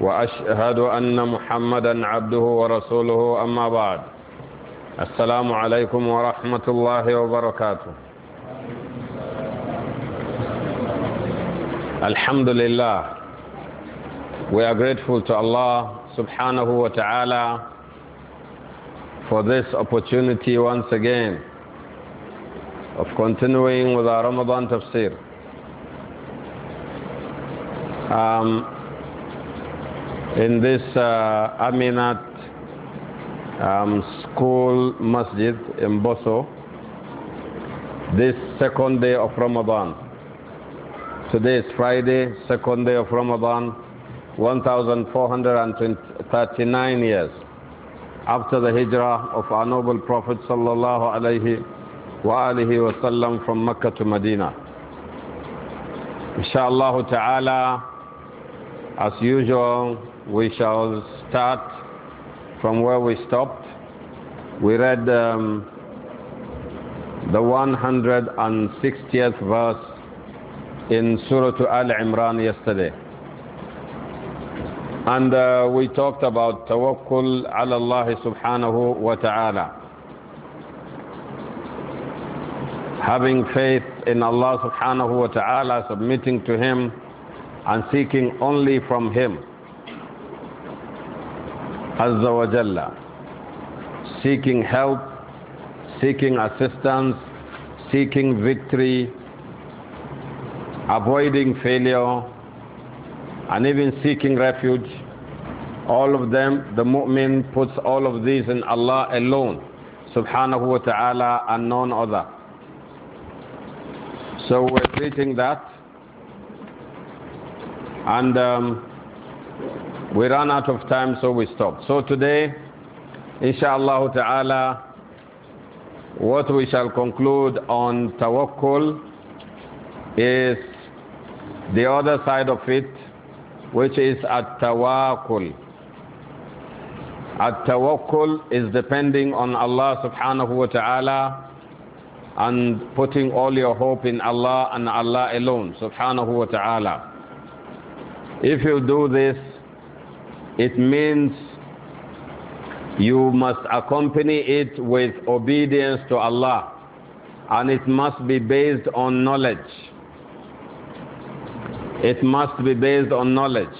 واشهد ان محمدا عبده ورسوله اما بعد السلام عليكم ورحمه الله وبركاته الحمد لله we are grateful to allah subhanahu wa ta'ala for this opportunity once again of continuing with our ramadan tafsir um, in this uh, Aminat um, School Masjid in Boso this second day of Ramadan. Today is Friday, second day of Ramadan, 1439 years after the hijrah of our noble Prophet sallallahu alaihi wasallam from Mecca to Medina. Inshallah ta'ala, as usual, we shall start from where we stopped. We read um, the 160th verse in Surah Al Imran yesterday. And uh, we talked about tawakkul ala Allah subhanahu wa ta'ala. having faith in Allah subhanahu wa ta'ala, submitting to Him and seeking only from Him. Azza wa Jalla, seeking help, seeking assistance, seeking victory, avoiding failure, and even seeking refuge. All of them, the mu'min puts all of these in Allah alone, subhanahu wa ta'ala, and none other. So we're treating that. And um, we ran out of time, so we stopped. So today, inshallah ta'ala, what we shall conclude on tawakkul is the other side of it, which is at-tawakkul. At-tawakkul is depending on Allah subhanahu wa ta'ala and putting all your hope in Allah and Allah alone subhanahu wa ta'ala. If you do this, it means you must accompany it with obedience to Allah and it must be based on knowledge. It must be based on knowledge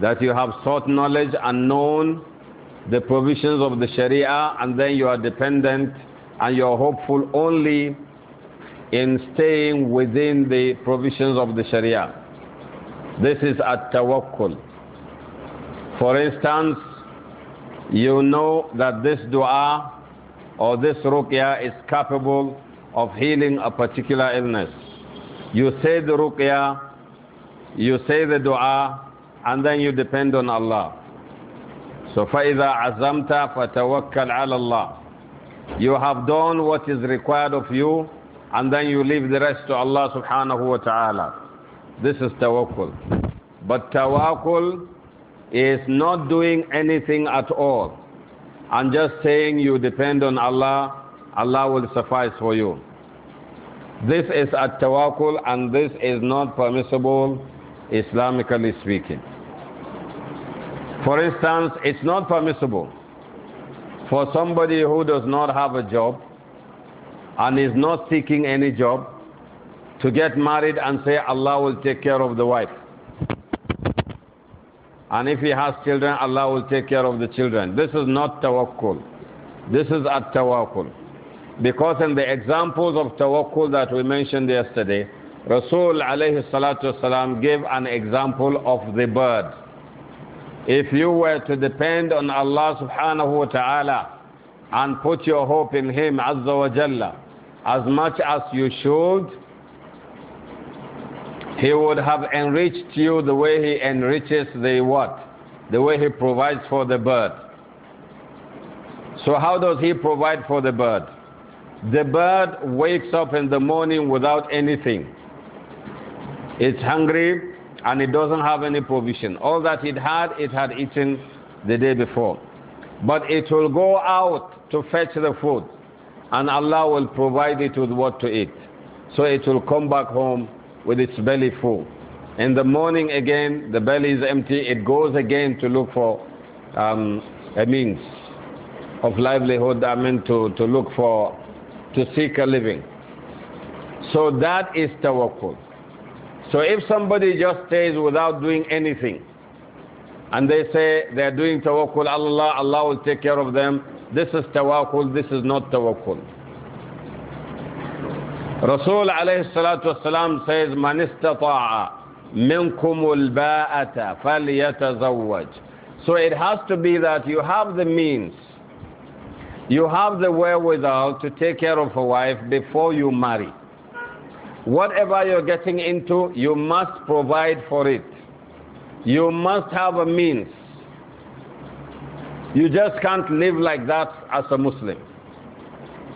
that you have sought knowledge and known the provisions of the Sharia and then you are dependent and you are hopeful only in staying within the provisions of the Sharia. This is at tawakkul. For instance, you know that this dua or this ruqya is capable of healing a particular illness. You say the ruqya, you say the dua, and then you depend on Allah. So فَإِذَا عَزَمْتَ فَتَوَكَّلْ عَلَى اللَّهِ You have done what is required of you, and then you leave the rest to Allah subhanahu wa ta'ala. This is tawakkul. But tawakkul is not doing anything at all and just saying you depend on Allah, Allah will suffice for you. This is a tawakkul and this is not permissible Islamically speaking. For instance, it's not permissible for somebody who does not have a job and is not seeking any job to get married and say Allah will take care of the wife. And if he has children, Allah will take care of the children. This is not tawakkul. This is at tawakkul. Because in the examples of tawakkul that we mentioned yesterday, Rasul alayhi salatu wasalam gave an example of the bird. If you were to depend on Allah subhanahu wa ta'ala and put your hope in Him azza wa jalla, as much as you should, he would have enriched you the way he enriches the what? The way he provides for the bird. So how does he provide for the bird? The bird wakes up in the morning without anything. It's hungry and it doesn't have any provision. All that it had, it had eaten the day before. But it will go out to fetch the food and Allah will provide it with what to eat. So it will come back home with its belly full. In the morning again, the belly is empty. It goes again to look for um, a means of livelihood, I mean to, to look for, to seek a living. So that is tawakkul. So if somebody just stays without doing anything, and they say they're doing tawakkul, Allah, Allah will take care of them, this is tawakkul, this is not tawakkul. Rasul alayhi salatu wasalam says, Man istata'a minkumul ba'ata falyatazawwaj. So it has to be that you have the means, you have the wherewithal to take care of a wife before you marry. Whatever you're getting into, you must provide for it. You must have a means. You just can't live like that as a Muslim.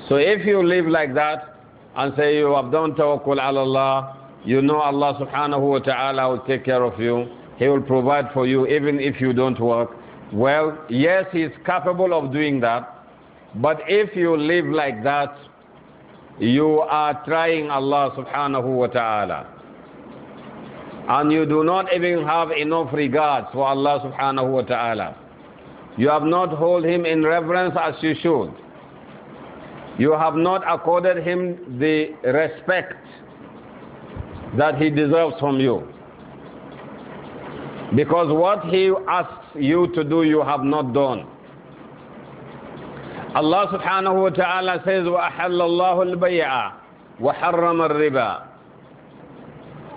So if you live like that, and say you have done tawakkul ala Allah, you know Allah subhanahu wa ta'ala will take care of you. He will provide for you even if you don't work. Well, yes, he is capable of doing that. But if you live like that, you are trying Allah subhanahu wa ta'ala. And you do not even have enough regard for Allah subhanahu wa ta'ala. You have not hold him in reverence as you should. You have not accorded him the respect that he deserves from you. Because what he asks you to do, you have not done. Allah subhanahu wa ta'ala says, وَأَحَلَّ اللَّهُ الْبَيْعَ وَحَرَّمَ الرِّبَى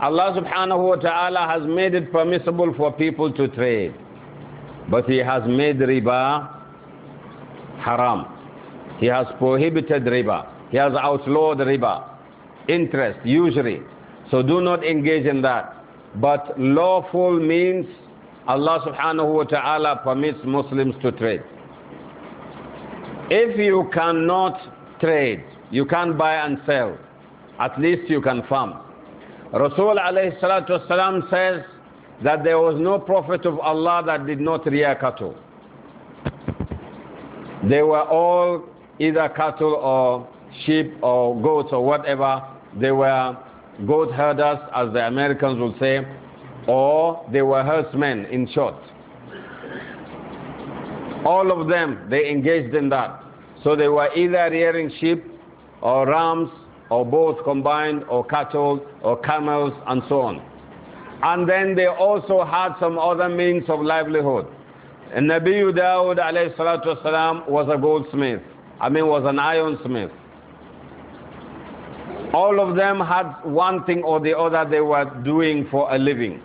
Allah subhanahu wa ta'ala has made it permissible for people to trade. But he has made riba haram. He has prohibited riba. He has outlawed riba, interest, usury. So do not engage in that. But lawful means Allah subhanahu wa ta'ala permits Muslims to trade. If you cannot trade, you can't buy and sell, at least you can farm. Rasul alayhi salatu wasalam says that there was no prophet of Allah that did not rear cattle. They were all either cattle or sheep or goats or whatever. They were goat herders, as the Americans would say, or they were herdsmen, in short. All of them, they engaged in that. So they were either rearing sheep or rams or both combined or cattle or camels and so on. And then they also had some other means of livelihood. And Nabi Dawud was a goldsmith. I mean, was an ironsmith. All of them had one thing or the other they were doing for a living.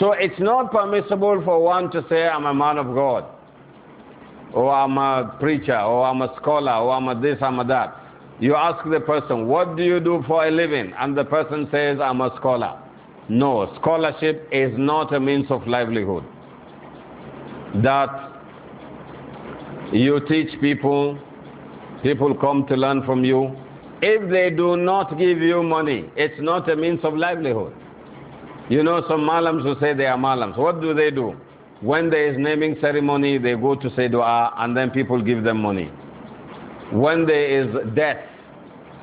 So it's not permissible for one to say, I'm a man of God, or I'm a preacher, or I'm a scholar, or I'm a this, I'm a that. You ask the person, What do you do for a living? And the person says, I'm a scholar. No, scholarship is not a means of livelihood. That you teach people, people come to learn from you. If they do not give you money, it's not a means of livelihood. You know some malams who say they are malams. What do they do? When there is naming ceremony, they go to say dua and then people give them money. When there is death,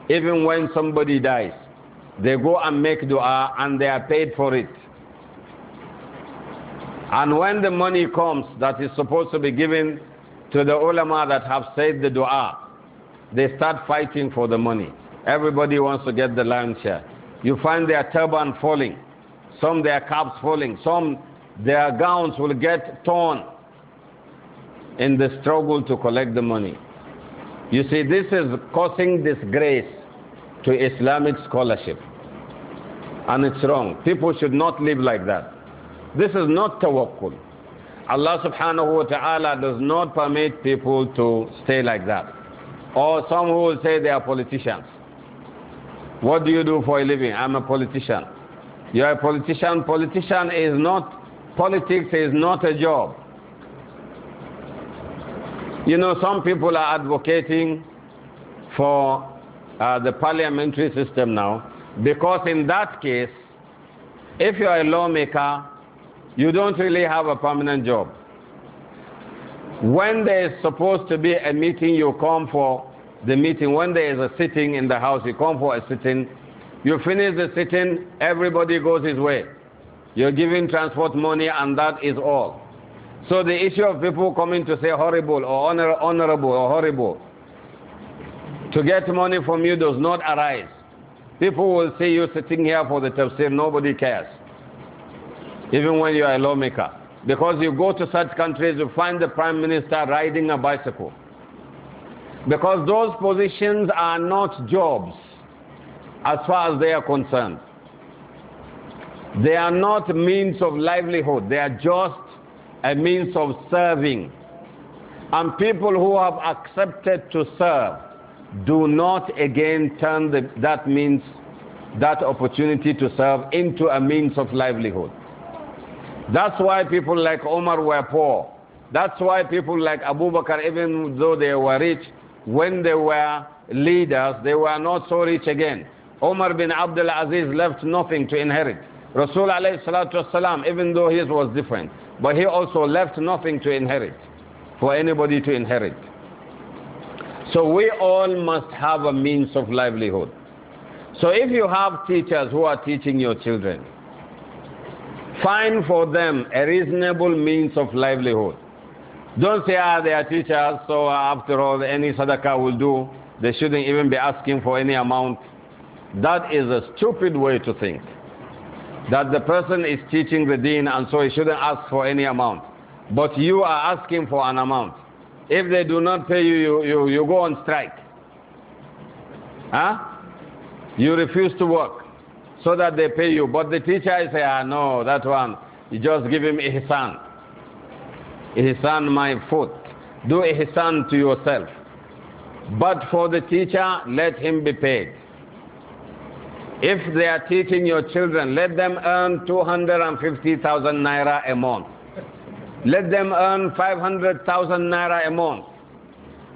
even when somebody dies, they go and make dua and they are paid for it. And when the money comes that is supposed to be given to the ulama that have said the dua, they start fighting for the money. Everybody wants to get the lion's share. You find their turban falling, some their caps falling, some their gowns will get torn in the struggle to collect the money. You see, this is causing disgrace to Islamic scholarship. And it's wrong. People should not live like that. This is not tawakkul. Allah subhanahu wa ta'ala does not permit people to stay like that. Or some who will say they are politicians. What do you do for a living? I'm a politician. You are a politician. Politician is not, politics is not a job. You know, some people are advocating for uh, the parliamentary system now because in that case, if you are a lawmaker, you don't really have a permanent job. When there is supposed to be a meeting, you come for the meeting. When there is a sitting in the house, you come for a sitting. You finish the sitting, everybody goes his way. You're giving transport money, and that is all. So the issue of people coming to say horrible or honor, honorable or horrible to get money from you does not arise. People will see you sitting here for the tafsir, nobody cares even when you are a lawmaker. Because you go to such countries, you find the prime minister riding a bicycle. Because those positions are not jobs as far as they are concerned. They are not means of livelihood, they are just a means of serving. And people who have accepted to serve do not again turn the, that means, that opportunity to serve into a means of livelihood. That's why people like Omar were poor. That's why people like Abu Bakr, even though they were rich, when they were leaders, they were not so rich again. Omar bin Abdul Aziz left nothing to inherit. Rasul alayhi even though his was different, but he also left nothing to inherit, for anybody to inherit. So we all must have a means of livelihood. So if you have teachers who are teaching your children, Find for them a reasonable means of livelihood. Don't say, ah, they are teachers, so uh, after all, any sadaqah will do. They shouldn't even be asking for any amount. That is a stupid way to think. That the person is teaching the deen and so he shouldn't ask for any amount. But you are asking for an amount. If they do not pay you, you, you, you go on strike. Huh? You refuse to work so that they pay you. But the teacher is say, ah, no, that one, you just give him ihsan. Ihsan my foot. Do ihsan to yourself. But for the teacher, let him be paid. If they are teaching your children, let them earn 250,000 naira a month. Let them earn 500,000 naira a month.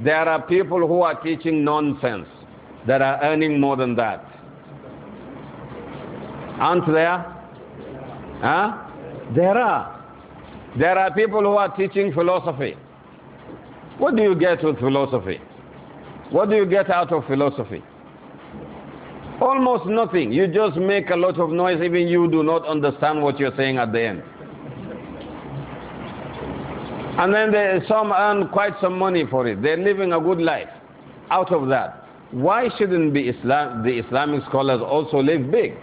There are people who are teaching nonsense that are earning more than that. Aren't there? Huh? There are. There are people who are teaching philosophy. What do you get with philosophy? What do you get out of philosophy? Almost nothing. You just make a lot of noise, even you do not understand what you're saying at the end. And then they, some earn quite some money for it. They're living a good life out of that. Why shouldn't be Islam, the Islamic scholars also live big?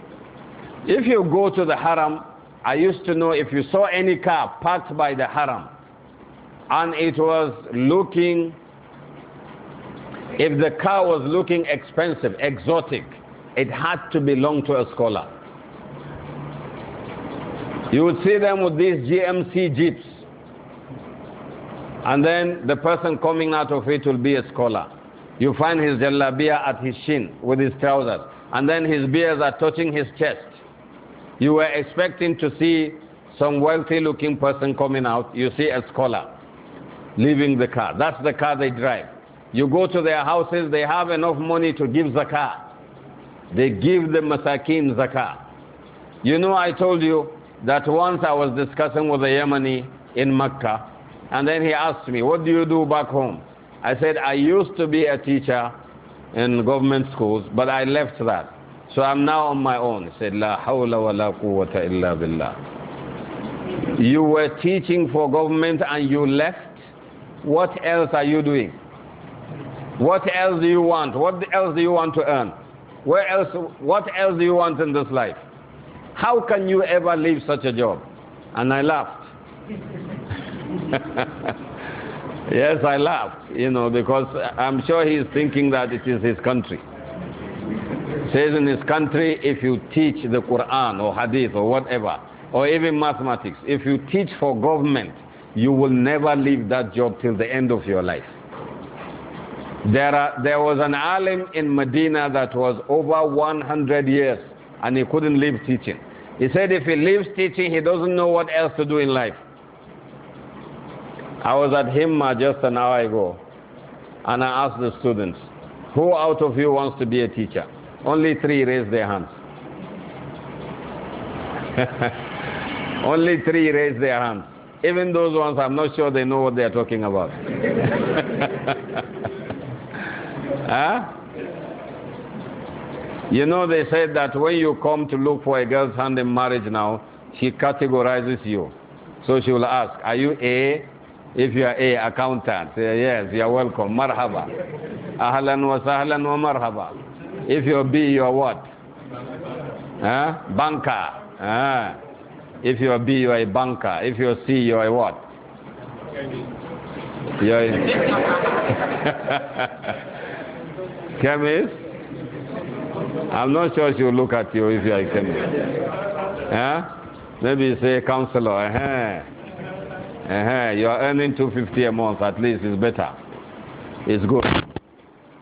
If you go to the haram, I used to know if you saw any car parked by the haram and it was looking, if the car was looking expensive, exotic, it had to belong to a scholar. You would see them with these GMC jeeps. And then the person coming out of it will be a scholar. You find his jalabiya at his shin with his trousers. And then his beards are touching his chest. You were expecting to see some wealthy looking person coming out, you see a scholar leaving the car. That's the car they drive. You go to their houses, they have enough money to give zakah. They give the masakin zakah. You know, I told you that once I was discussing with a Yemeni in Mecca, and then he asked me, What do you do back home? I said, I used to be a teacher in government schools, but I left that. So I'm now on my own. He said, La hawla wa la quwwata illa billah. You were teaching for government and you left. What else are you doing? What else do you want? What else do you want to earn? Where else, what else do you want in this life? How can you ever leave such a job? And I laughed. yes, I laughed, you know, because I'm sure he's thinking that it is his country. Says in his country, if you teach the Quran or Hadith or whatever, or even mathematics, if you teach for government, you will never leave that job till the end of your life. There, are, there was an alim in Medina that was over 100 years and he couldn't leave teaching. He said if he leaves teaching, he doesn't know what else to do in life. I was at Himma just an hour ago and I asked the students, who out of you wants to be a teacher? Only three raised their hands. Only three raised their hands. Even those ones, I'm not sure they know what they are talking about. huh? You know, they said that when you come to look for a girl's hand in marriage now, she categorizes you. So she will ask, Are you A? If you are A, accountant. Say, yes, you are welcome. Marhaba. Ahlan wa sahlan wa marhaba. If you're B, you're what? Huh? Banker. Huh? If you're B, you're a banker. If you're C, you're a what? You're a chemist? I'm not sure she'll look at you if you're a chemist. Huh? Maybe you say counselor. Uh -huh. Uh -huh. You're earning 250 a month at least. It's better. It's good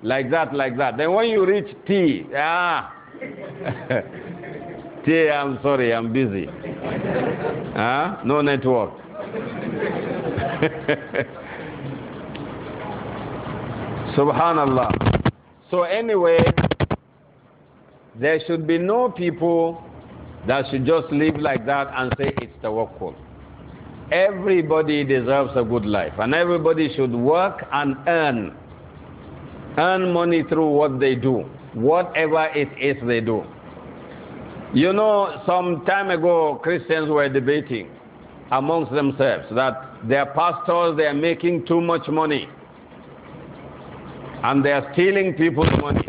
like that, like that. Then when you reach T, ah, T, I'm sorry, I'm busy. huh? Ah, no network. Subhanallah. So anyway, there should be no people that should just live like that and say it's the work call. Everybody deserves a good life and everybody should work and earn earn money through what they do, whatever it is they do. You know, some time ago, Christians were debating amongst themselves that their pastors, they are making too much money and they are stealing people's money.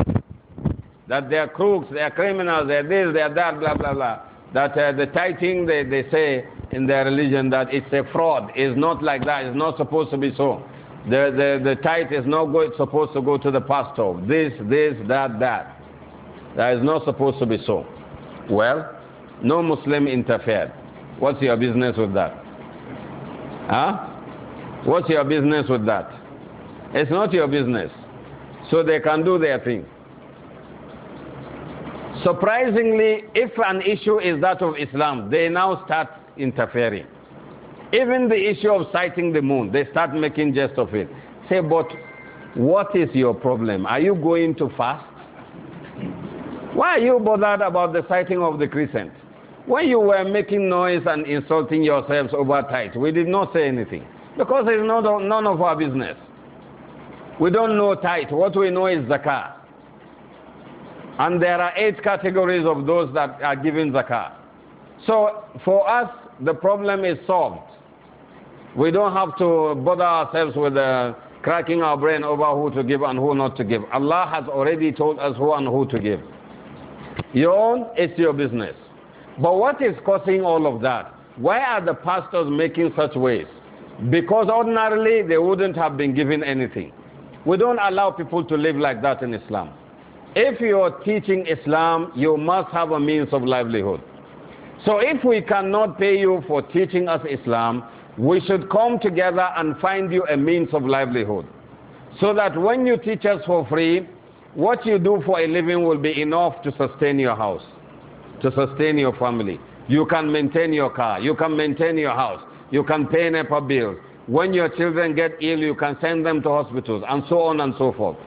That they are crooks, they are criminals, they are this, they are that, blah, blah, blah. That uh, the tithing, they, they say in their religion that it's a fraud. It's not like that. It's not supposed to be so. The, the, the tithe is not going, supposed to go to the pastor. This, this, that, that. That is not supposed to be so. Well, no Muslim interfered. What's your business with that? Huh? What's your business with that? It's not your business. So they can do their thing. Surprisingly, if an issue is that of Islam, they now start interfering. Even the issue of sighting the moon, they start making jest of it. Say, but what is your problem? Are you going to fast? Why are you bothered about the sighting of the crescent? When you were making noise and insulting yourselves over tight, we did not say anything because it's not, none of our business. We don't know tight. What we know is zakah. And there are eight categories of those that are giving zakah. So for us, the problem is solved. We don't have to bother ourselves with uh, cracking our brain over who to give and who not to give. Allah has already told us who and who to give. Your own, it's your business. But what is causing all of that? Why are the pastors making such ways? Because ordinarily they wouldn't have been given anything. We don't allow people to live like that in Islam. If you're teaching Islam, you must have a means of livelihood. So if we cannot pay you for teaching us Islam, we should come together and find you a means of livelihood. So that when you teach us for free, what you do for a living will be enough to sustain your house, to sustain your family. You can maintain your car, you can maintain your house, you can pay NEPA bills. When your children get ill, you can send them to hospitals, and so on and so forth.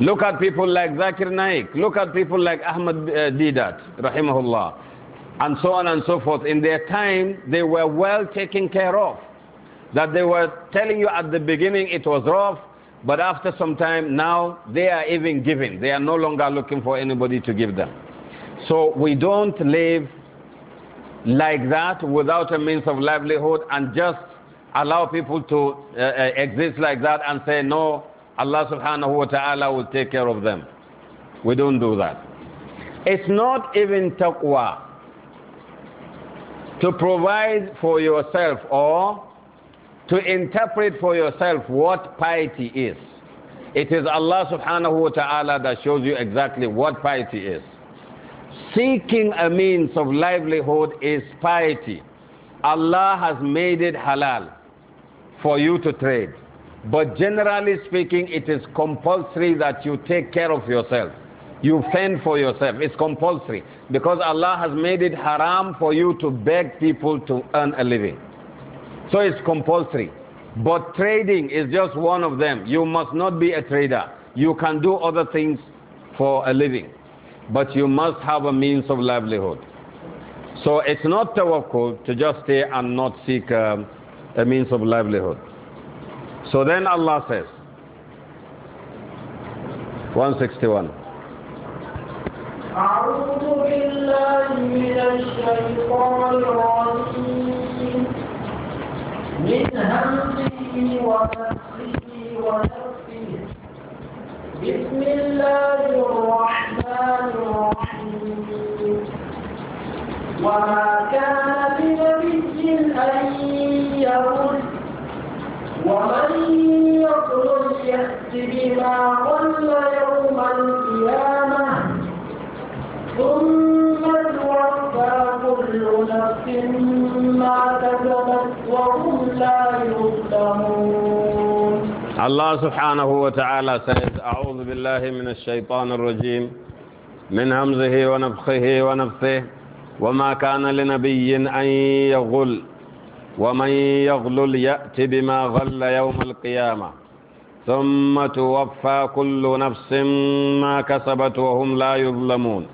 Look at people like Zakir Naik, look at people like Ahmad uh, Didat, rahimahullah and so on and so forth. In their time, they were well taken care of. That they were telling you at the beginning it was rough, but after some time, now they are even giving. They are no longer looking for anybody to give them. So we don't live like that without a means of livelihood and just allow people to uh, uh exist like that and say, no, Allah subhanahu wa ta'ala will take care of them. We don't do that. It's not even taqwa to provide for yourself or to interpret for yourself what piety is. It is Allah subhanahu wa ta'ala that shows you exactly what piety is. Seeking a means of livelihood is piety. Allah has made it halal for you to trade. But generally speaking, it is compulsory that you take care of yourself. You fend for yourself. It's compulsory. Because Allah has made it haram for you to beg people to earn a living. So it's compulsory. But trading is just one of them. You must not be a trader. You can do other things for a living. But you must have a means of livelihood. So it's not tawakkul to just stay and not seek a, um, a means of livelihood. So then Allah says, 161. أعوذ بالله من الشيطان الرجيم من بسم الله الرحمن الرحيم وما كان لنبي أن يرد ومن يقل يأت بما قل يوم القيامة ثم توفى كل نفس ما كسبت وهم لا يظلمون الله سبحانه وتعالى سيد أعوذ بالله من الشيطان الرجيم من همزه ونفخه ونفثه وما كان لنبي أن يغل ومن يغلل يأت بما غل يوم القيامة ثم توفى كل نفس ما كسبت وهم لا يظلمون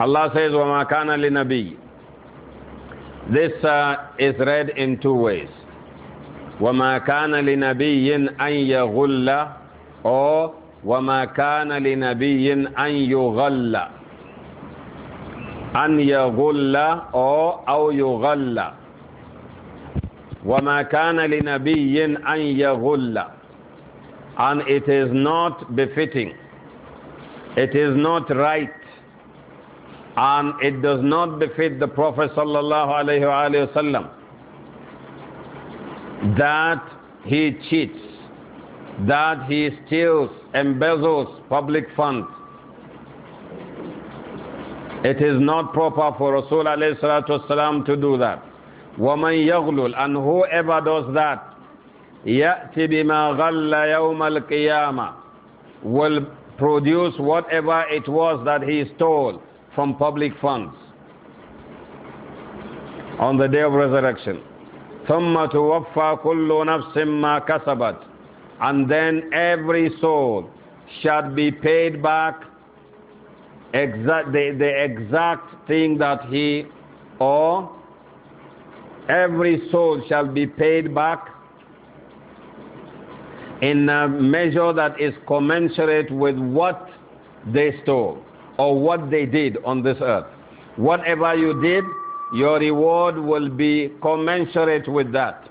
Allah says, "Wa وَمَا كَانَ لِنَبِيِّ This uh, is read in two ways. Wa وَمَا كَانَ لِنَبِيٍ an يَغُلَّ or وَمَا كَانَ لِنَبِيٍ أَن يُغَلَّ أَن يَغُلَّ or أَوْ يُغَلَّ وَمَا كَانَ لِنَبِيٍ an يَغُلَّ And it is not befitting. It is not right and it does not befit the Prophet sallallahu that he cheats, that he steals, embezzles public funds. It is not proper for Rasul والسلام, to do that. وَمَنْ يَغْلُلْ And whoever does that, يَأْتِ بِمَا غَلَّ يَوْمَ الْقِيَامَةِ Will produce whatever it was that he stole from public funds on the day of resurrection. ثُمَّ تُوَفَّى كُلُّ نَفْسٍ مَّا كَسَبَتْ And then every soul shall be paid back exact, the, the exact thing that he or every soul shall be paid back in a measure that is commensurate with what they stole or what they did on this earth. Whatever you did, your reward will be commensurate with that.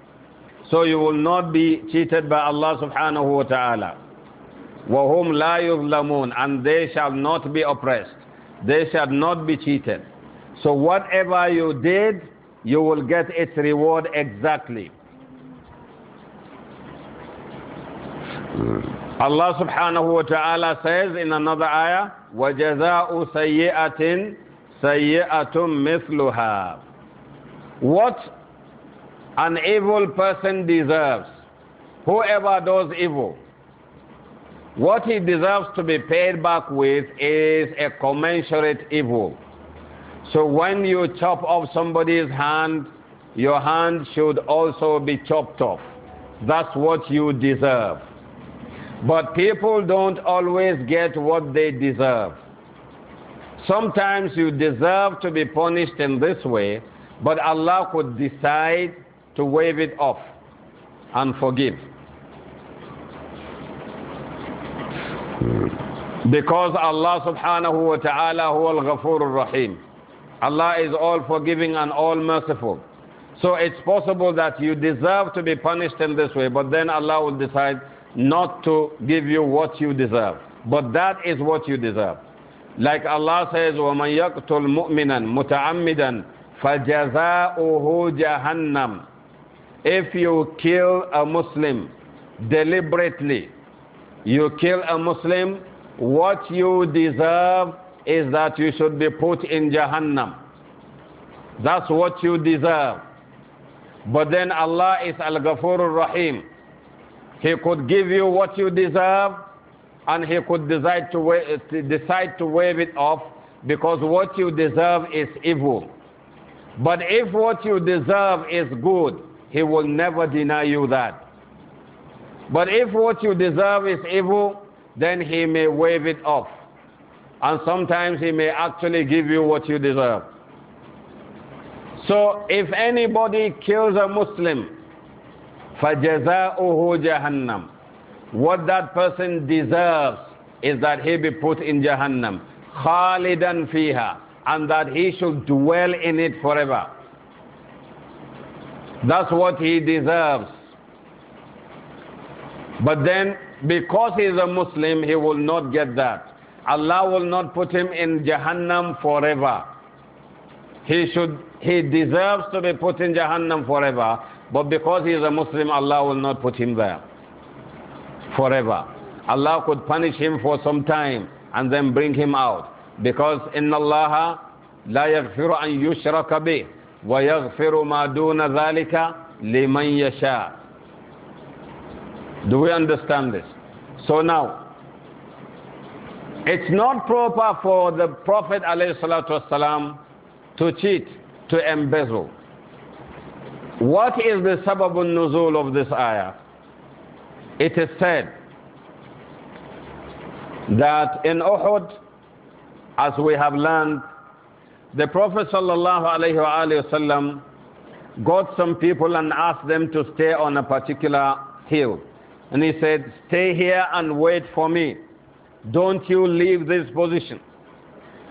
So you will not be cheated by Allah subhanahu wa ta'ala. وَهُمْ لَا يُظْلَمُونَ And they shall not be oppressed. They shall not be cheated. So whatever you did, you will get its reward exactly. Allah subhanahu wa ta'ala says in another ayah, وَجَزَاءُ سَيِّئَةٍ سَيِّئَةٌ مِثْلُهَا What an evil person deserves, whoever does evil, what he deserves to be paid back with is a commensurate evil. So when you chop off somebody's hand, your hand should also be chopped off. That's what you deserve. But people don't always get what they deserve. Sometimes you deserve to be punished in this way, but Allah could decide to wave it off and forgive. Because Allah subhanahu wa ta'ala huwa al-ghafur rahim Allah is all forgiving and all merciful. So it's possible that you deserve to be punished in this way, but then Allah will decide not to give you what you deserve. But that is what you deserve. Like Allah says, وَمَنْ يَقْتُلْ مُؤْمِنًا مُتَعَمِّدًا فَجَزَاؤُهُ جَهَنَّمُ If you kill a Muslim deliberately, you kill a Muslim, what you deserve is that you should be put in Jahannam. That's what you deserve. But then Allah is Al-Ghafur Rahim. He could give you what you deserve, and he could decide to, wa- uh, decide to waive it off because what you deserve is evil. But if what you deserve is good, he will never deny you that. But if what you deserve is evil, then he may waive it off. And sometimes he may actually give you what you deserve. So if anybody kills a Muslim فَجَزَاؤُهُ جَهَنَّمُ What that person deserves is that he be put in Jahannam, خَالِدًا فِيهَا And that he should dwell in it forever. That's what he deserves. But then, because he is a Muslim, he will not get that. Allah will not put him in Jahannam forever. He should, he deserves to be put in Jahannam forever, but because he is a Muslim, Allah will not put him there forever. Allah could punish him for some time and then bring him out. Because in Allah لا an أن يشرك wa ويغفر ما دون ذلك لمن yasha. Do we understand this? So now, it's not proper for the Prophet ﷺ to cheat, to embezzle. What is the sababun nuzul of this ayah? It is said that in Uhud, as we have learned, the Prophet ﷺ got some people and asked them to stay on a particular hill. And he said, Stay here and wait for me. Don't you leave this position.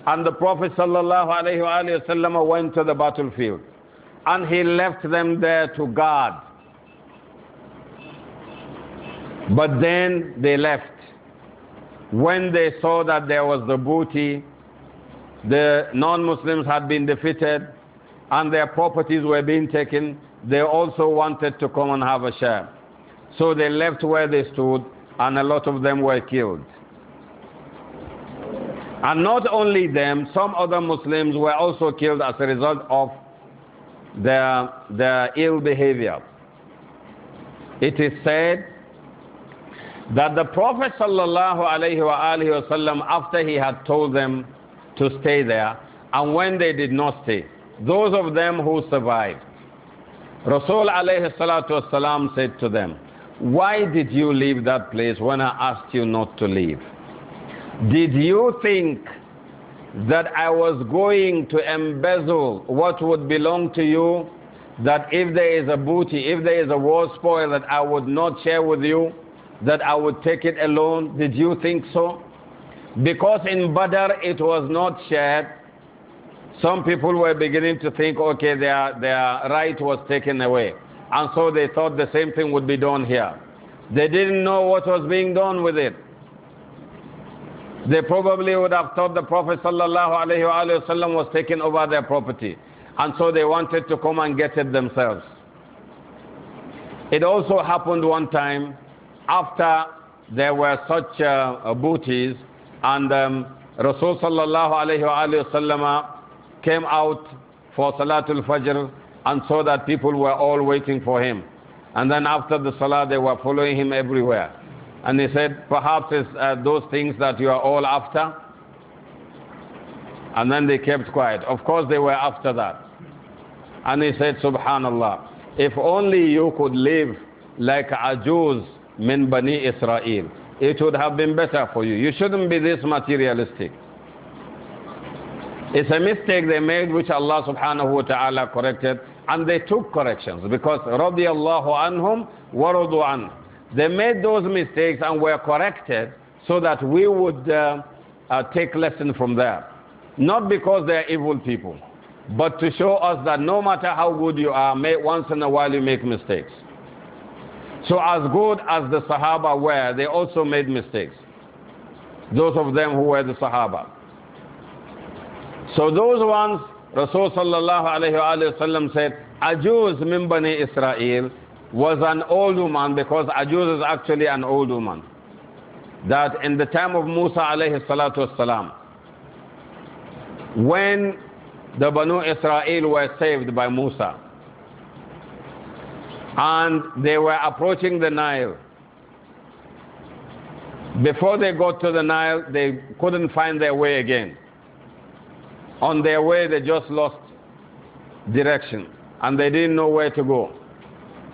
And the Prophet ﷺ went to the battlefield and he left them there to guard. But then they left. When they saw that there was the booty, the non Muslims had been defeated, and their properties were being taken, they also wanted to come and have a share. So they left where they stood, and a lot of them were killed. And not only them, some other Muslims were also killed as a result of their, their ill behavior. It is said that the Prophet sallallahu after he had told them to stay there, and when they did not stay, those of them who survived, Rasul alayhi said to them, Why did you leave that place when I asked you not to leave? Did you think that I was going to embezzle what would belong to you, that if there is a booty, if there is a war spoil that I would not share with you, that I would take it alone. Did you think so? Because in Badr it was not shared, some people were beginning to think, okay, their, their right was taken away. And so they thought the same thing would be done here. They didn't know what was being done with it. They probably would have thought the Prophet ﷺ was taking over their property. And so they wanted to come and get it themselves. It also happened one time after there were such uh, uh booties and um, Rasul sallallahu uh, came out for Salatul Fajr and saw that people were all waiting for him. And then after the Salah, they were following him everywhere. And they said, perhaps it's uh, those things that you are all after. And then they kept quiet. Of course, they were after that. And he said, Subhanallah, if only you could live like Ajuz min Bani Israel, it would have been better for you. You shouldn't be this materialistic. It's a mistake they made which Allah subhanahu wa ta'ala corrected and they took corrections because radiallahu anhum waradu an. They made those mistakes and were corrected so that we would uh, uh, take lesson from there. Not because they are evil people, but to show us that no matter how good you are, may, once in a while you make mistakes. So as good as the Sahaba were, they also made mistakes. Those of them who were the Sahaba. So those ones, Rasulullah sallallahu alayhi wa said, Ajuz min Bani Israel was an old woman because Ajuz is actually an old woman. That in the time of Musa alayhi salatu wasalam, when the Banu Israel were saved by Musa and they were approaching the Nile, before they got to the Nile, they couldn't find their way again. On their way, they just lost direction and they didn't know where to go.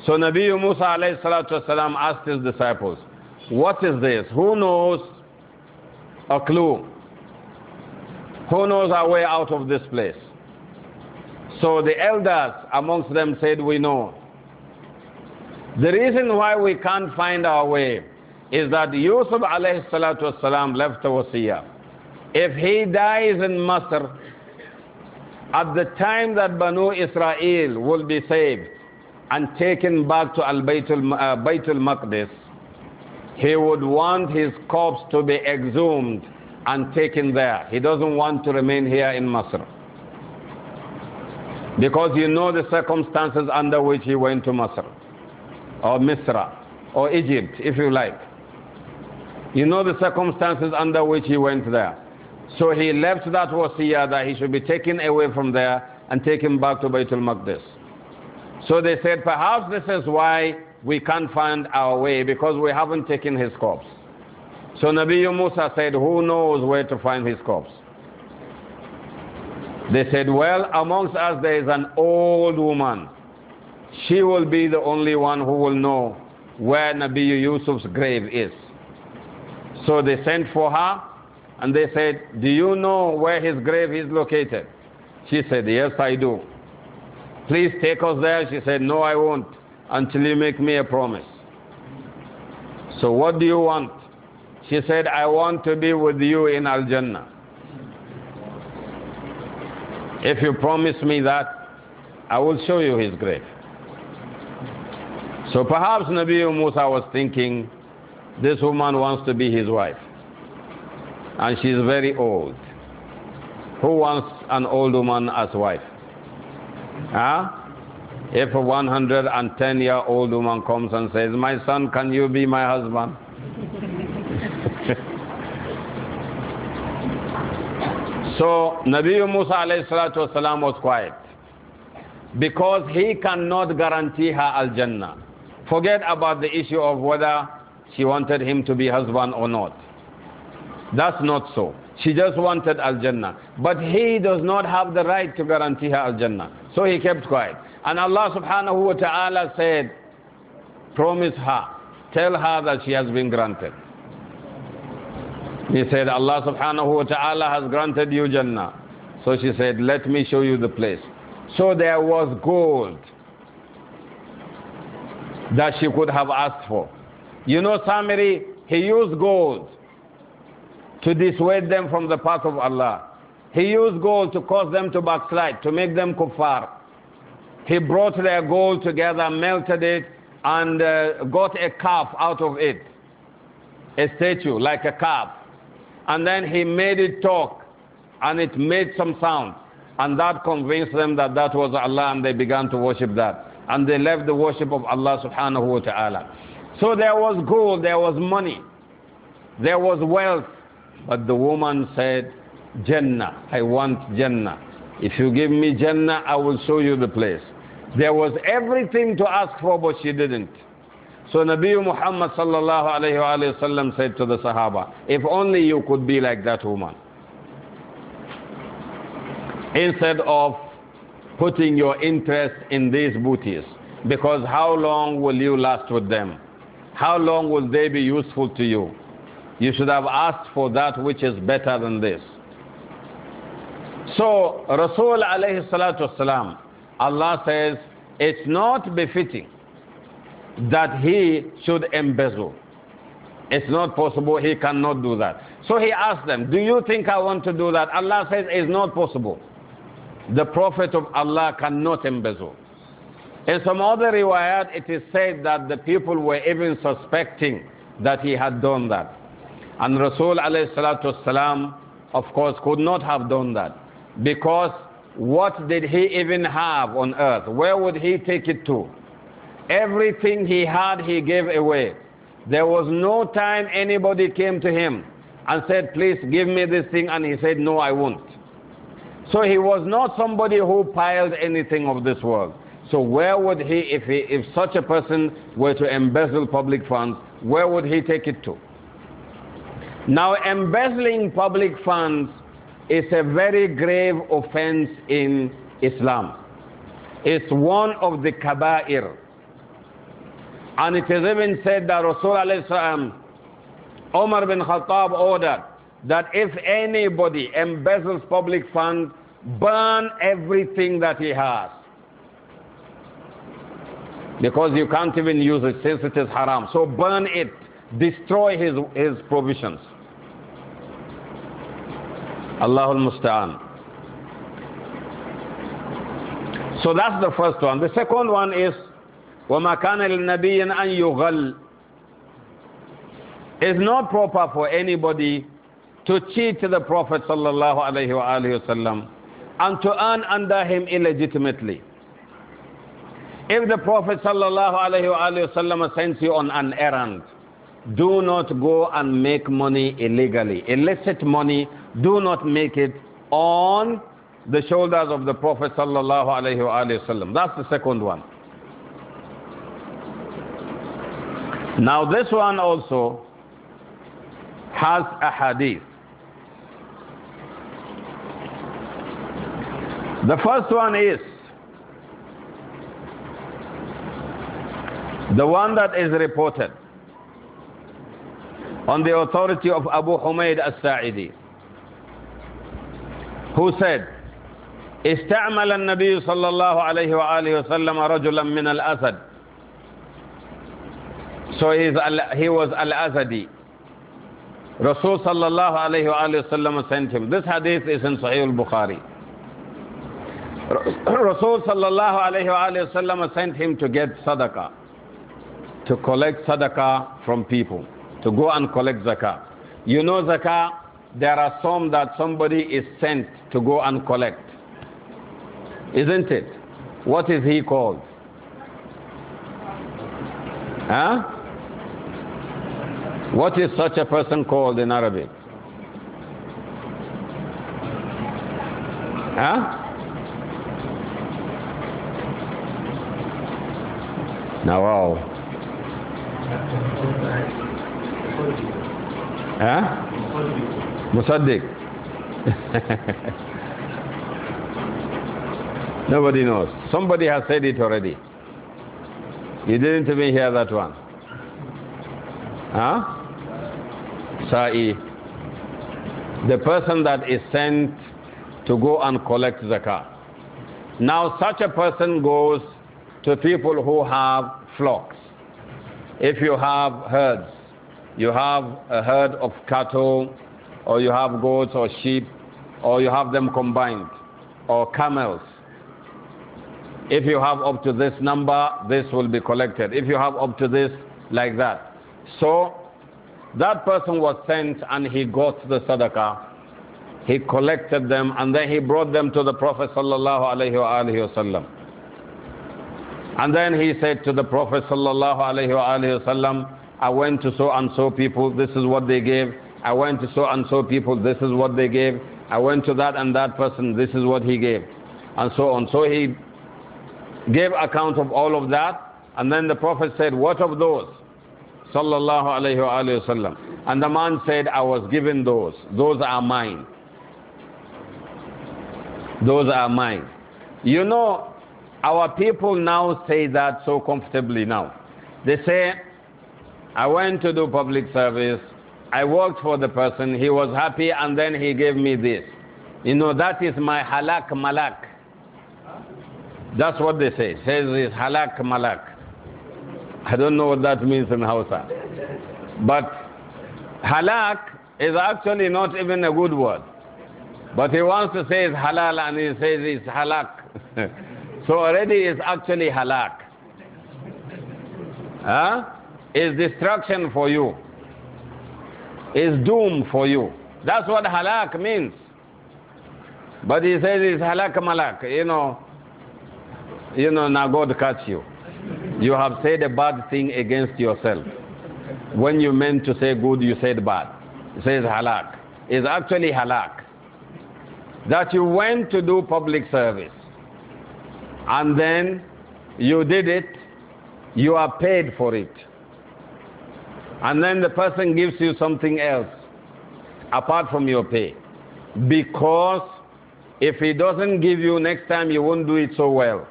So Nabi Musa alayhi salatu wasalam asked his disciples, What is this? Who knows a clue? Who knows our way out of this place? So the elders amongst them said, We know. The reason why we can't find our way is that Yusuf alayhi salatu wasalam left a wasiyah. If he dies in Masr, at the time that Banu Israel will be saved, and taken back to Al Baytul, uh, Baytul Maqdis, he would want his corpse to be exhumed and taken there. He doesn't want to remain here in Masr. Because you know the circumstances under which he went to Masr, or Misra, or Egypt, if you like. You know the circumstances under which he went there. So he left that wasiyah that he should be taken away from there and taken back to Baytul Maqdis. So they said, perhaps this is why we can't find our way because we haven't taken his corpse. So Nabi Musa said, Who knows where to find his corpse? They said, Well, amongst us there is an old woman. She will be the only one who will know where Nabi Yusuf's grave is. So they sent for her and they said, Do you know where his grave is located? She said, Yes, I do. Please take us there. She said, No, I won't until you make me a promise. So, what do you want? She said, I want to be with you in Al Jannah. If you promise me that, I will show you his grave. So perhaps Nabi Musa was thinking, this woman wants to be his wife. And she's very old. Who wants an old woman as wife? Huh? If a 110 year old woman comes and says, My son, can you be my husband? so Nabi Musa والسلام, was quiet because he cannot guarantee her Al Jannah. Forget about the issue of whether she wanted him to be husband or not. That's not so. She just wanted Al Jannah. But he does not have the right to guarantee her Al Jannah. So he kept quiet. And Allah subhanahu wa ta'ala said, promise her, tell her that she has been granted. He said, Allah subhanahu wa ta'ala has granted you Jannah. So she said, let me show you the place. So there was gold that she could have asked for. You know, Samiri, he used gold to dissuade them from the path of Allah. He used gold to cause them to backslide, to make them kuffar. He brought their gold together, melted it, and uh, got a calf out of it, a statue, like a calf. And then he made it talk, and it made some sound. And that convinced them that that was Allah, and they began to worship that. And they left the worship of Allah subhanahu wa ta'ala. So there was gold, there was money, there was wealth. But the woman said, Jannah. I want Jannah. If you give me Jannah, I will show you the place. There was everything to ask for, but she didn't. So Nabi Muhammad sallallahu alayhi wa said to the Sahaba, if only you could be like that woman. Instead of putting your interest in these booties, because how long will you last with them? How long will they be useful to you? You should have asked for that which is better than this. So Rasul alayhi salatu wasalam, Allah says, it's not befitting that he should embezzle. It's not possible, he cannot do that. So he asked them, Do you think I want to do that? Allah says, It's not possible. The Prophet of Allah cannot embezzle. In some other riwayat, it is said that the people were even suspecting that he had done that. And Rasul, والسلام, of course, could not have done that. Because what did he even have on earth? Where would he take it to? Everything he had, he gave away. There was no time anybody came to him and said, Please give me this thing. And he said, No, I won't. So he was not somebody who piled anything of this world. So where would he, if, he, if such a person were to embezzle public funds, where would he take it to? Now, embezzling public funds is a very grave offense in Islam. It's one of the kaba'ir. And it is even said that Rasulullah Omar bin Khattab ordered that if anybody embezzles public funds, burn everything that he has. Because you can't even use it since it is haram. So burn it. Destroy his, his provisions. Allahul Musta'an. So that's the first one. The second one is وَمَا كَانَ لِلنَّبِيٍّ أَن يُغَلْ It's not proper for anybody to cheat the Prophet sallallahu alaihi wasallam and to earn under him illegitimately. If the Prophet sallallahu alaihi wasallam sends you on an errand, do not go and make money illegally. Illicit money do not make it on the shoulders of the Prophet sallallahu alaihi wasallam. That's the second one. Now this one also has a hadith. The first one is the one that is reported on the authority of Abu Humayd as-Sa'idi. who said, استعمل النبي صلى الله عليه وآله وسلم رجلا من الأسد. So he, was Al-Azadi. Rasul sallallahu alayhi wa, alayhi wa sent him. This hadith is in Sahih al-Bukhari. Rasul sallallahu alayhi wa, alayhi wa sent him to get sadaqah, to collect sadaqah from people, to go and collect zakah. You know zakah there are some that somebody is sent to go and collect. Isn't it? What is he called? Huh? What is such a person called in Arabic? Huh? Now, wow. Huh? Musaddiq. Nobody knows. Somebody has said it already. You didn't even hear that one. Huh? Sa'i. The person that is sent to go and collect zakah. Now, such a person goes to people who have flocks. If you have herds, you have a herd of cattle, or you have goats or sheep, or you have them combined, or camels. If you have up to this number, this will be collected. If you have up to this, like that. So that person was sent and he got the sadaqah. He collected them and then he brought them to the Prophet sallallahu alaihi wasallam. And then he said to the Prophet sallallahu alaihi wasallam, I went to so and so people. This is what they gave. I went to so and so people, this is what they gave. I went to that and that person, this is what he gave. And so on. So he gave account of all of that. And then the Prophet said, What of those? Sallallahu alayhi wa sallam. And the man said, I was given those. Those are mine. Those are mine. You know, our people now say that so comfortably now. They say, I went to do public service I worked for the person, he was happy, and then he gave me this. You know, that is my halak malak. That's what they say. says it's halak malak. I don't know what that means in Hausa. But halak is actually not even a good word. But he wants to say it's halal and he says it's halak. so already it's actually halak. Huh? It's destruction for you is doom for you. That's what halak means. But he says it's halak malak, you know, you know, now God catch you. You have said a bad thing against yourself. When you meant to say good, you said bad. It says halak. It's actually halak. That you went to do public service. And then you did it, you are paid for it. And then the person gives you something else apart from your pay. Because if he doesn't give you next time, you won't do it so well.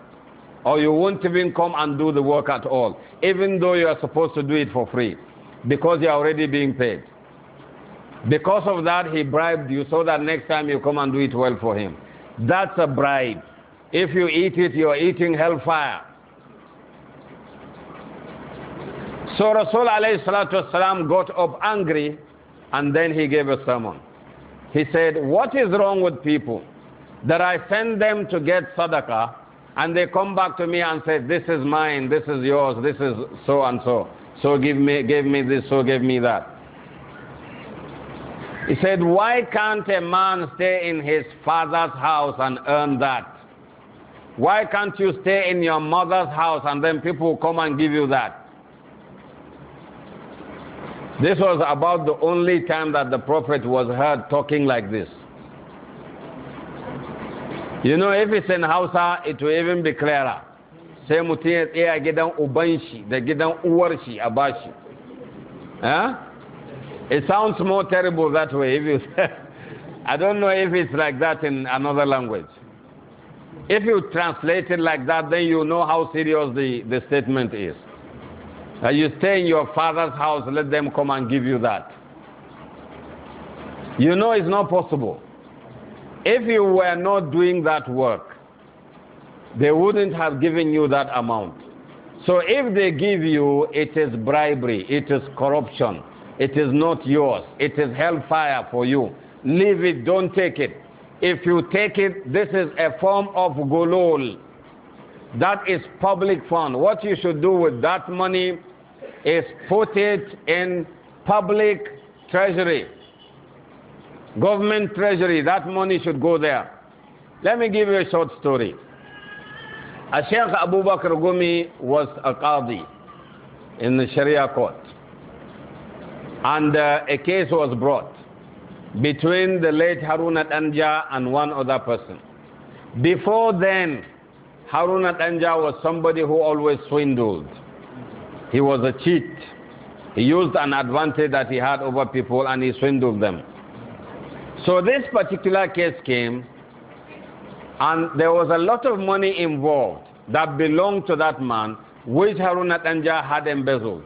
Or you won't even come and do the work at all, even though you are supposed to do it for free, because you are already being paid. Because of that, he bribed you so that next time you come and do it well for him. That's a bribe. If you eat it, you're eating hellfire. So Rasul والسلام, got up angry and then he gave a sermon. He said, What is wrong with people that I send them to get sadaqah and they come back to me and say, This is mine, this is yours, this is so and so. So give me, give me this, so give me that. He said, Why can't a man stay in his father's house and earn that? Why can't you stay in your mother's house and then people come and give you that? This was about the only time that the Prophet was heard talking like this. You know, if it's in Hausa, it will even be clearer. Sai mutum ya tsaya gidan ubanshi da gidan uwarshi Abashi. bashi. Eh? It sounds more terrible that way. If you, I don't know if it's like that in another language. If you translate it like that, then you know how serious the, the statement is you stay in your father's house, let them come and give you that. You know it's not possible. If you were not doing that work, they wouldn't have given you that amount. So if they give you, it is bribery, it is corruption, it is not yours, it is hellfire for you. Leave it, don't take it. If you take it, this is a form of gulul. That is public fund. What you should do with that money is put it in public treasury, government treasury. That money should go there. Let me give you a short story. Sheikh Abu Bakr Gumi was a qadi in the Sharia court. And uh, a case was brought between the late Harun al-Anja and one other person. Before then, Harun al-Anja was somebody who always swindled. He was a cheat. He used an advantage that he had over people and he swindled them. So this particular case came and there was a lot of money involved that belonged to that man which Harun Atanja had embezzled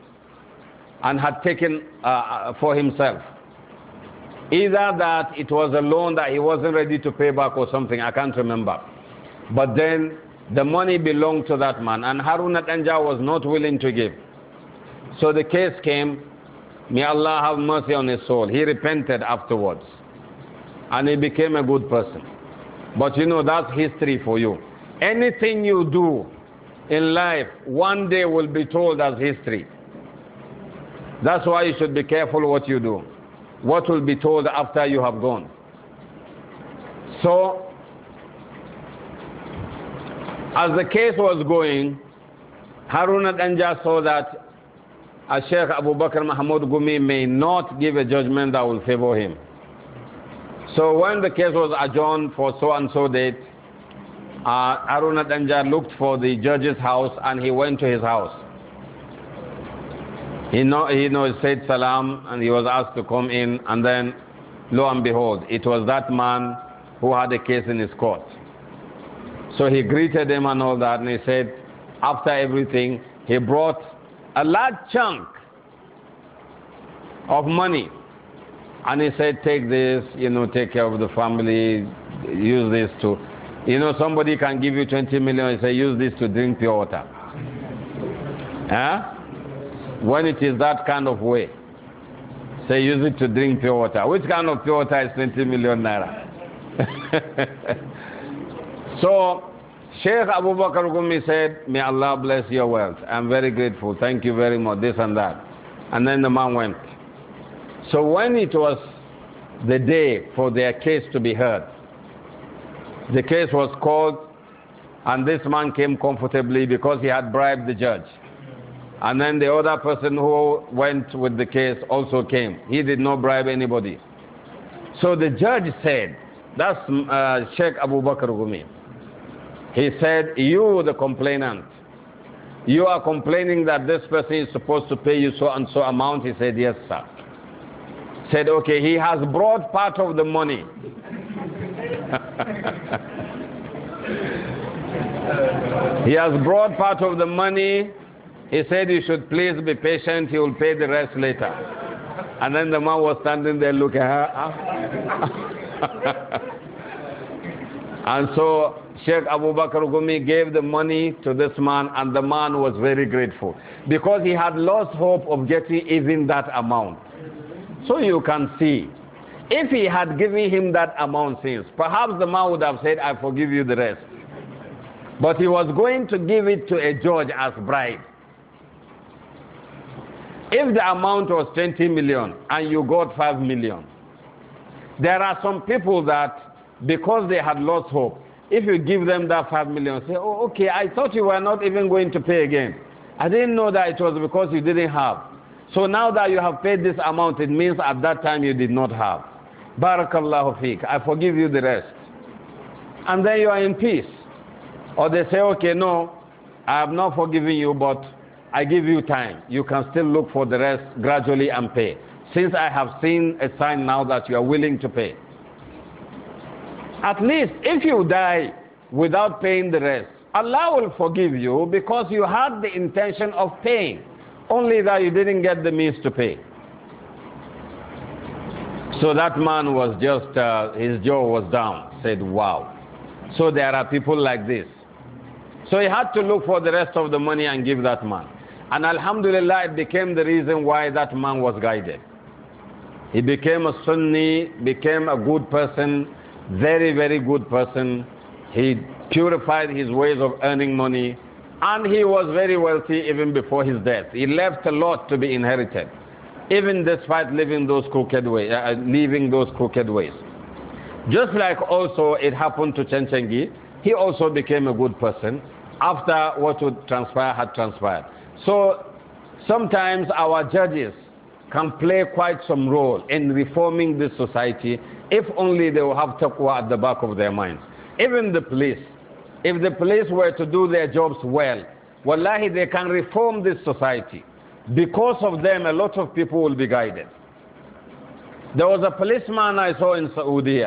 and had taken uh, uh, for himself. Either that it was a loan that he wasn't ready to pay back or something, I can't remember. But then the money belonged to that man, and Harun Atanja was not willing to give. So the case came. May Allah have mercy on his soul. He repented afterwards. And he became a good person. But you know, that's history for you. Anything you do in life, one day will be told as history. That's why you should be careful what you do. What will be told after you have gone. So, as the case was going, Harun al-Anja saw that as Sheikh Abu Bakr Mahmoud Gumi may not give a judgment that will favor him. So when the case was adjourned for so and so date, uh, Aruna Danja looked for the judge's house and he went to his house. He, know, he, know, he said salam and he was asked to come in and then lo and behold, it was that man who had a case in his court. So he greeted him and all that and he said, after everything, he brought a large chunk of money. And he said, Take this, you know, take care of the family, use this to, you know, somebody can give you 20 million, he said, Use this to drink pure water. Huh? When it is that kind of way, say, Use it to drink pure water. Which kind of pure water is 20 million naira? so, Sheikh Abu Bakr Gumi said, May Allah bless your wealth. I'm very grateful. Thank you very much. This and that. And then the man went. So when it was the day for their case to be heard, the case was called, and this man came comfortably because he had bribed the judge. And then the other person who went with the case also came. He did not bribe anybody. So the judge said, That's uh, Sheikh Abu Bakr Gumi. He said, You, the complainant, you are complaining that this person is supposed to pay you so and so amount. He said, Yes, sir. Said, Okay, he has brought part of the money. he has brought part of the money. He said, You should please be patient. He will pay the rest later. And then the man was standing there looking at her. and so Sheikh Abu Bakr Gumi gave the money to this man, and the man was very grateful because he had lost hope of getting even that amount. So you can see, if he had given him that amount since, perhaps the man would have said, I forgive you the rest. But he was going to give it to a judge as bribe. If the amount was 20 million and you got 5 million, there are some people that, because they had lost hope, if you give them that five million, say, oh, okay, I thought you were not even going to pay again. I didn't know that it was because you didn't have. So now that you have paid this amount, it means at that time you did not have. Barakallahu fiqh. I forgive you the rest. And then you are in peace. Or they say, okay, no, I have not forgiven you, but I give you time. You can still look for the rest gradually and pay. Since I have seen a sign now that you are willing to pay. At least if you die without paying the rest, Allah will forgive you because you had the intention of paying, only that you didn't get the means to pay. So that man was just, uh, his jaw was down, said, Wow. So there are people like this. So he had to look for the rest of the money and give that man. And Alhamdulillah, it became the reason why that man was guided. He became a Sunni, became a good person, very, very good person. He purified his ways of earning money. And he was very wealthy even before his death. He left a lot to be inherited, even despite living those crooked ways, uh, uh leaving those crooked ways. Just like also it happened to Chen Chengi, he also became a good person after what would transpire had transpired. So sometimes our judges can play quite some role in reforming this society if only they will have taqwa at the back of their minds. Even the police, if the police were to do their jobs well, wallahi, they can reform this society. Because of them, a lot of people will be guided. There was a policeman I saw in Saudi.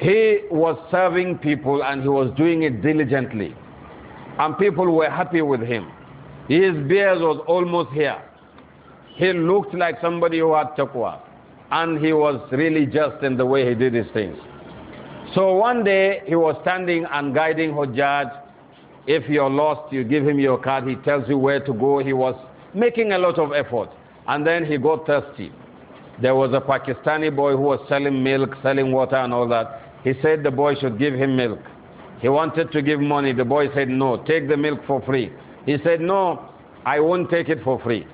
He was serving people and he was doing it diligently. And people were happy with him. His beard was almost here. He looked like somebody who had taqwa and he was really just in the way he did his things. So one day he was standing and guiding Hujjaj. If you're lost, you give him your card, he tells you where to go. He was making a lot of effort. And then he got thirsty. There was a Pakistani boy who was selling milk, selling water, and all that. He said the boy should give him milk. He wanted to give money. The boy said, No, take the milk for free. He said, No, I won't take it for free.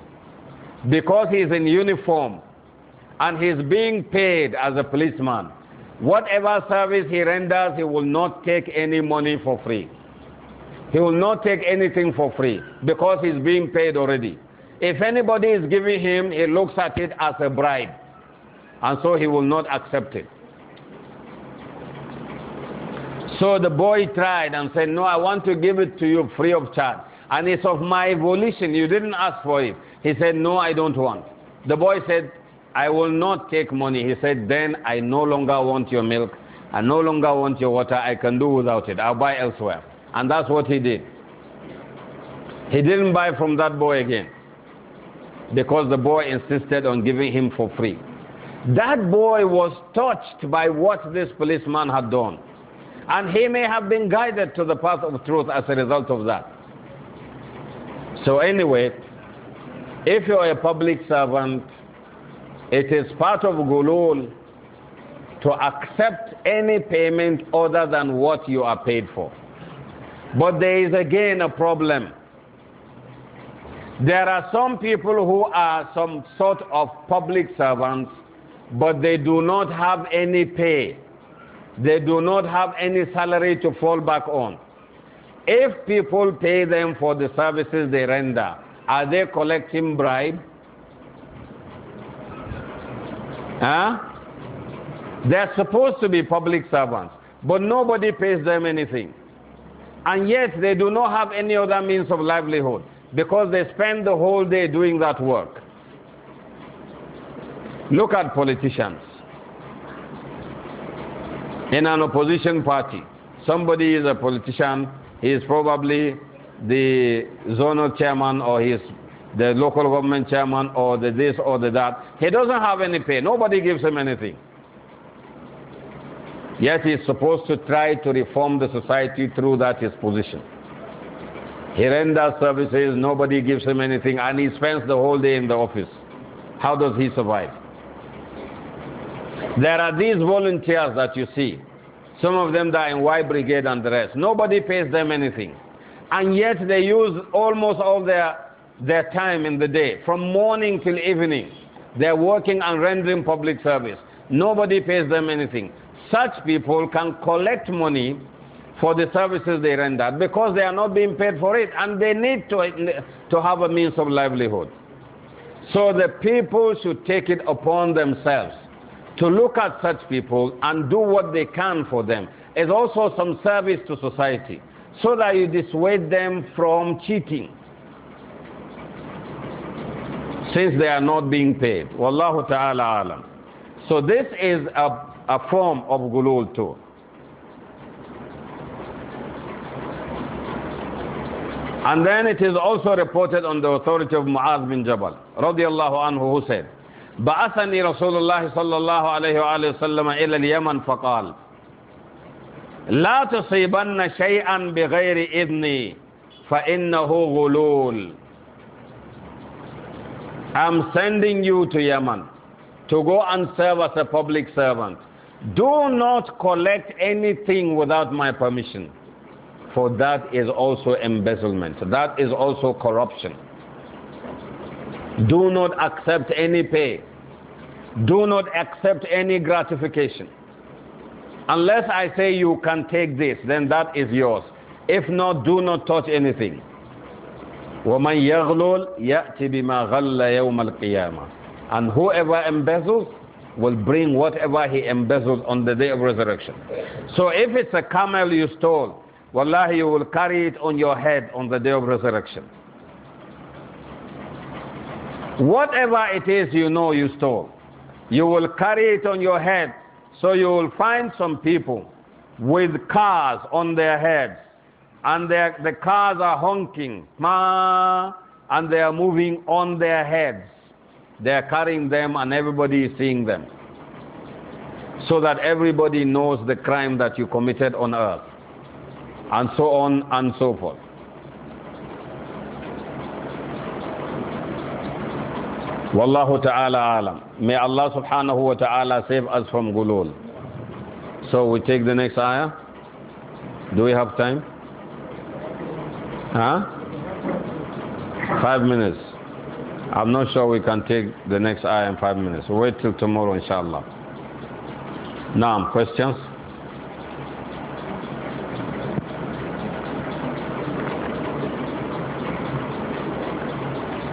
Because he's in uniform, and he's being paid as a policeman. Whatever service he renders, he will not take any money for free. He will not take anything for free because he's being paid already. If anybody is giving him, he looks at it as a bribe. And so he will not accept it. So the boy tried and said, No, I want to give it to you free of charge. And it's of my volition. You didn't ask for it. He said, No, I don't want. The boy said, I will not take money. He said, Then I no longer want your milk. I no longer want your water. I can do without it. I'll buy elsewhere. And that's what he did. He didn't buy from that boy again because the boy insisted on giving him for free. That boy was touched by what this policeman had done. And he may have been guided to the path of truth as a result of that. So, anyway, if you're a public servant, it is part of gulul to accept any payment other than what you are paid for. But there is again a problem. There are some people who are some sort of public servants, but they do not have any pay. They do not have any salary to fall back on. If people pay them for the services they render, are they collecting bribe? Huh? They're supposed to be public servants, but nobody pays them anything. And yet they do not have any other means of livelihood because they spend the whole day doing that work. Look at politicians. In an opposition party, somebody is a politician, he is probably the zonal chairman or he is the local government chairman or the this or the that. He doesn't have any pay. Nobody gives him anything. Yet he's supposed to try to reform the society through that his position. He renders services, nobody gives him anything, and he spends the whole day in the office. How does he survive? There are these volunteers that you see. Some of them are in Y Brigade and the rest. Nobody pays them anything. And yet they use almost all their their time in the day. From morning till evening, they're working and rendering public service. Nobody pays them anything. Such people can collect money for the services they render because they are not being paid for it and they need to, to have a means of livelihood. So the people should take it upon themselves to look at such people and do what they can for them. It's also some service to society so that you dissuade them from cheating since they are not being paid. Wallahu ta'ala alam. So this is a, a form of gulul too. And then it is also reported on the authority of Mu'az bin Jabal, radiallahu anhu, who said, بعثني رسول الله صلى الله عليه وآله وسلم إلى اليمن فقال لا تصيبن شيئا بغير إذني فإنه غلول I'm sending you to Yemen to go and serve as a public servant. Do not collect anything without my permission, for that is also embezzlement. That is also corruption. Do not accept any pay. Do not accept any gratification. Unless I say you can take this, then that is yours. If not, do not touch anything. وَمَنْ يَغْلُلْ بِمَا غَلَّ يَوْمَ الْقِيَامَةِ And whoever embezzles will bring whatever he embezzled on the day of resurrection. So if it's a camel you stole, wallahi, you will carry it on your head on the day of resurrection. Whatever it is you know you stole, you will carry it on your head. So you will find some people with cars on their heads and their, the cars are honking, ma, and they are moving on their heads. They are carrying them, and everybody is seeing them. So that everybody knows the crime that you committed on earth, and so on and so forth. Wallahu ta'ala alam. May Allah subhanahu wa ta'ala save us from gulul. So we take the next ayah. Do we have time? Huh? Five minutes. I'm not sure we can take the next ayah in five minutes. wait till tomorrow, inshallah. Now, questions?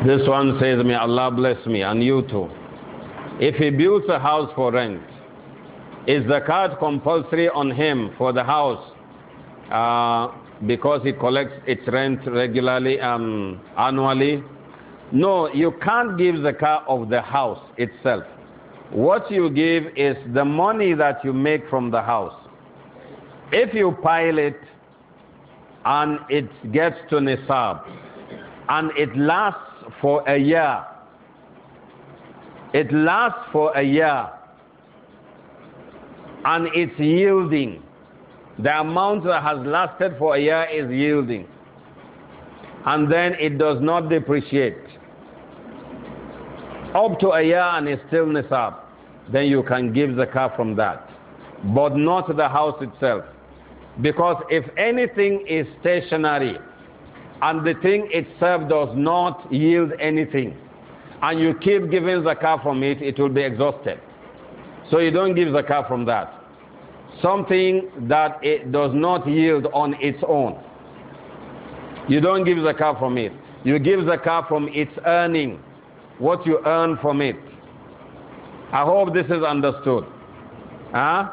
This one says, May Allah bless me and you too. If he builds a house for rent, is the card compulsory on him for the house? Uh, because it collects its rent regularly and um, annually. No, you can't give the car of the house itself. What you give is the money that you make from the house. If you pile it and it gets to Nisab and it lasts for a year, it lasts for a year and it's yielding the amount that has lasted for a year is yielding. And then it does not depreciate. Up to a year and it's still nisab. Then you can give the car from that. But not the house itself. Because if anything is stationary and the thing itself does not yield anything, and you keep giving zakah from it, it will be exhausted. So you don't give zakah from that something that it does not yield on its own. You don't give zakah from it. You give zakah from its earning, what you earn from it. I hope this is understood. Huh?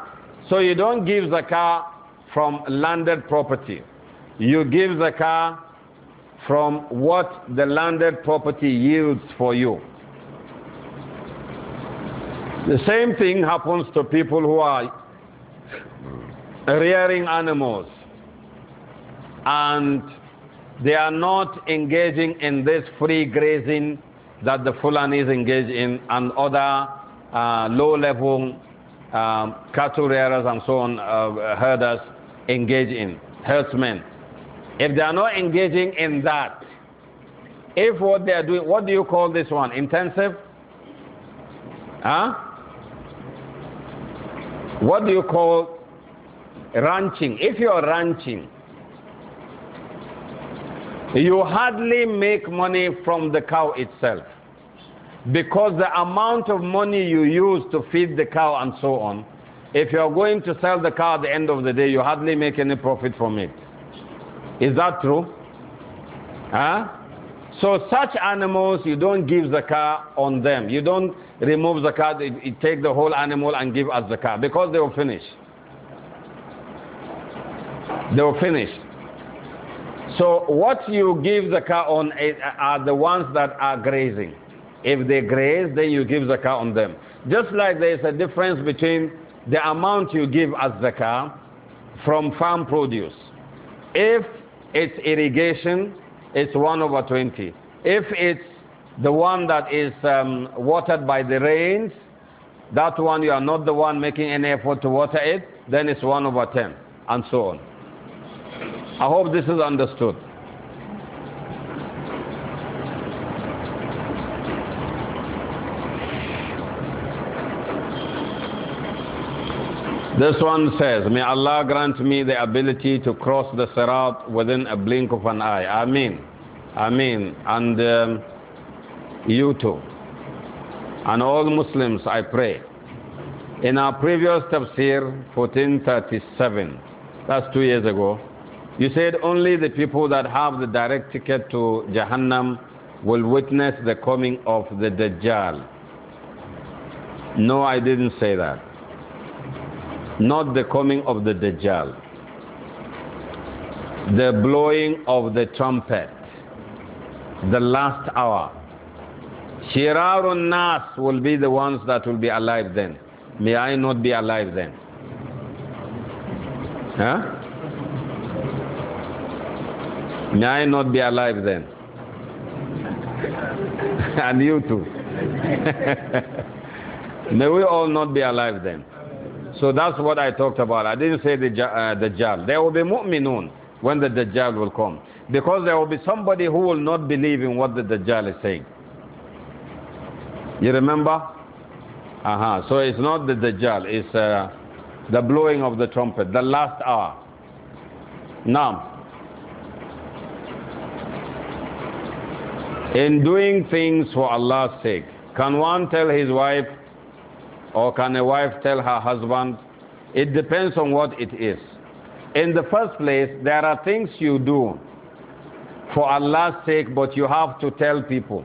So you don't give zakah from landed property. You give zakah from what the landed property yields for you. The same thing happens to people who are rearing animals and they are not engaging in this free grazing that the Fulanis engage in and other uh, low level um, cattle rearers and so on, uh, herders engage in, herdsmen. If they are not engaging in that, if what they are doing, what do you call this one? Intensive? Huh? What do you call ranching, if you are ranching, you hardly make money from the cow itself because the amount of money you use to feed the cow and so on, if you are going to sell the cow at the end of the day, you hardly make any profit from it. Is that true? Huh? So such animals, you don't give the cow on them. You don't remove zakah, you take the whole animal and give as cow because they will finish. They were finished. So what you give zakah on uh, are the ones that are grazing. If they graze, then you give zakah on them. Just like there is a difference between the amount you give as zakah from farm produce. If it's irrigation, it's 1 over 20. If it's the one that is um, watered by the rains, that one you are not the one making any effort to water it, then it's 1 over 10, and so on. I hope this is understood. This one says, May Allah grant me the ability to cross the Sirat within a blink of an eye. I mean, And um, you too. And all Muslims, I pray. In our previous tafsir, 1437, that's two years ago, you said only the people that have the direct ticket to Jahannam will witness the coming of the Dajjal. No, I didn't say that. Not the coming of the Dajjal. The blowing of the trumpet. The last hour. Shirarun Nas will be the ones that will be alive then. May I not be alive then? Huh? May I not be alive then? and you too. May we all not be alive then. So that's what I talked about. I didn't say the uh, Dajjal. There will be mu'minun when the Dajjal will come. Because there will be somebody who will not believe in what the Dajjal is saying. You remember? Uh -huh. So it's not the Dajjal, it's uh, the blowing of the trumpet, the last hour. Now, in doing things for Allah's sake. Can one tell his wife or can a wife tell her husband? It depends on what it is. In the first place, there are things you do for Allah's sake, but you have to tell people.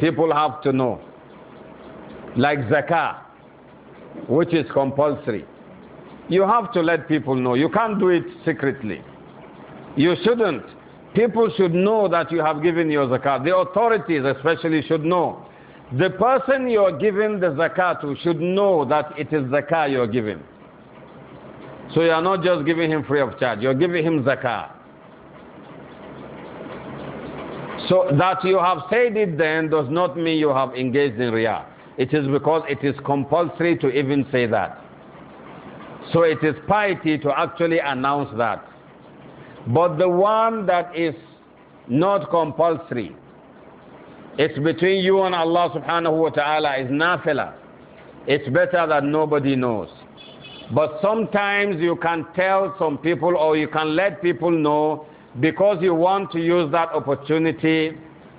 People have to know. Like zakah, which is compulsory. You have to let people know. You can't do it secretly. You shouldn't. People should know that you have given your zakat. The authorities especially should know. The person you are giving the zakat to should know that it is zakat you are giving. So you are not just giving him free of charge, you are giving him zakat. So that you have said it then does not mean you have engaged in riyah. It is because it is compulsory to even say that. So it is piety to actually announce that. But the one that is not compulsory, it's between you and Allah subhanahu wa ta'ala, is nafila. It's better that nobody knows. But sometimes you can tell some people or you can let people know because you want to use that opportunity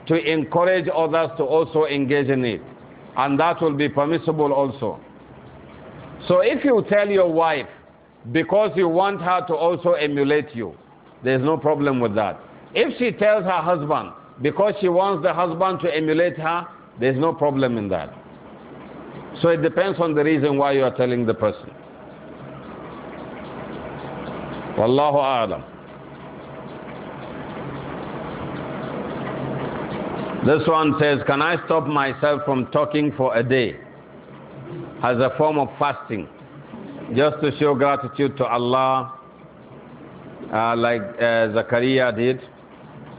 to encourage others to also engage in it. And that will be permissible also. So if you tell your wife because you want her to also emulate you, there's no problem with that. If she tells her husband because she wants the husband to emulate her, there's no problem in that. So it depends on the reason why you are telling the person. Wallahu a'lam. This one says, Can I stop myself from talking for a day as a form of fasting just to show gratitude to Allah uh, like uh, Zachariah did.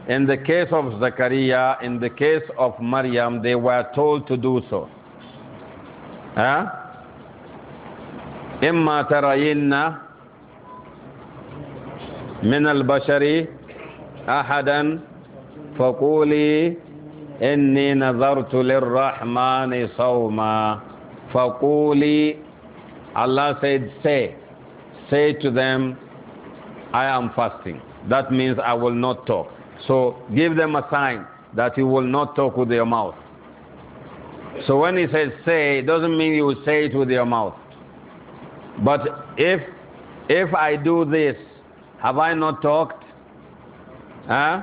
In the case of Zachariah, in the case of Maryam, they were told to do so. Huh? إما ترين من البشر أحدا فقولي إني نَظَرْتُ للرحمن صوما فقولي Allah said, say, say to them, I am fasting. That means I will not talk. So give them a sign that you will not talk with your mouth. So when he says say, it doesn't mean you will say it with your mouth. But if if I do this, have I not talked? Huh?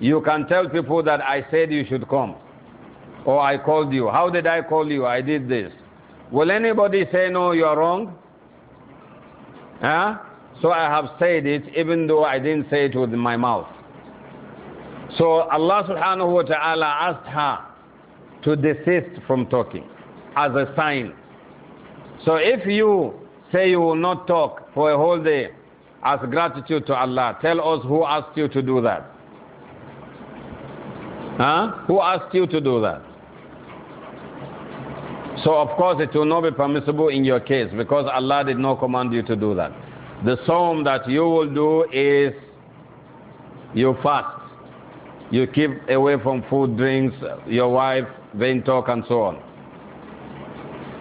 You can tell people that I said you should come. Or I called you. How did I call you? I did this. Will anybody say no, you are wrong? Huh? So I have said it even though I didn't say it with my mouth. So Allah subhanahu wa ta'ala asked her to desist from talking as a sign. So if you say you will not talk for a whole day as gratitude to Allah, tell us who asked you to do that. Huh? Who asked you to do that? So of course it will not be permissible in your case because Allah did not command you to do that. The psalm that you will do is you fast. You keep away from food, drinks, your wife, vain talk, and so on.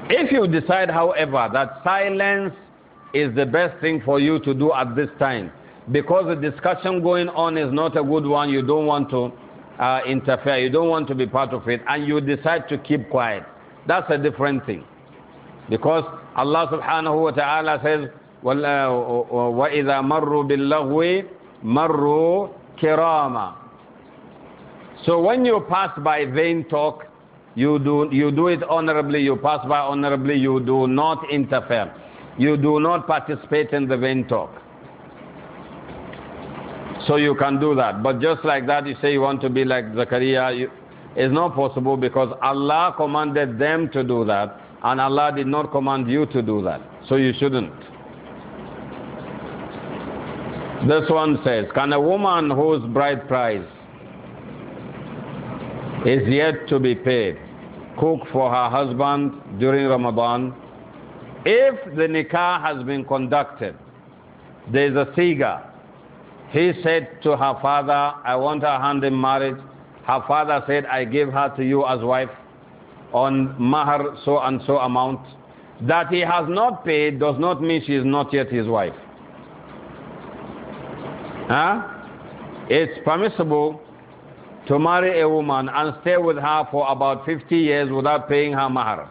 If you decide, however, that silence is the best thing for you to do at this time, because the discussion going on is not a good one, you don't want to uh, interfere, you don't want to be part of it, and you decide to keep quiet, that's a different thing. Because Allah subhanahu wa ta'ala says, وَإِذَا مَرُّوا بِاللَّغْوِ مَرُّوا كِرَامًا So when you pass by vain talk, you do, you do it honorably, you pass by honorably, you do not interfere. You do not participate in the vain talk. So you can do that. But just like that, you say you want to be like Zakaria, it's not possible because Allah commanded them to do that, and Allah did not command you to do that. So you shouldn't. This one says, Can a woman whose bride price is yet to be paid cook for her husband during Ramadan? If the nikah has been conducted, there is a siga. He said to her father, I want her hand in marriage. Her father said, I give her to you as wife on mahar so and so amount. That he has not paid does not mean she is not yet his wife. Huh? It's permissible to marry a woman and stay with her for about 50 years without paying her mahar.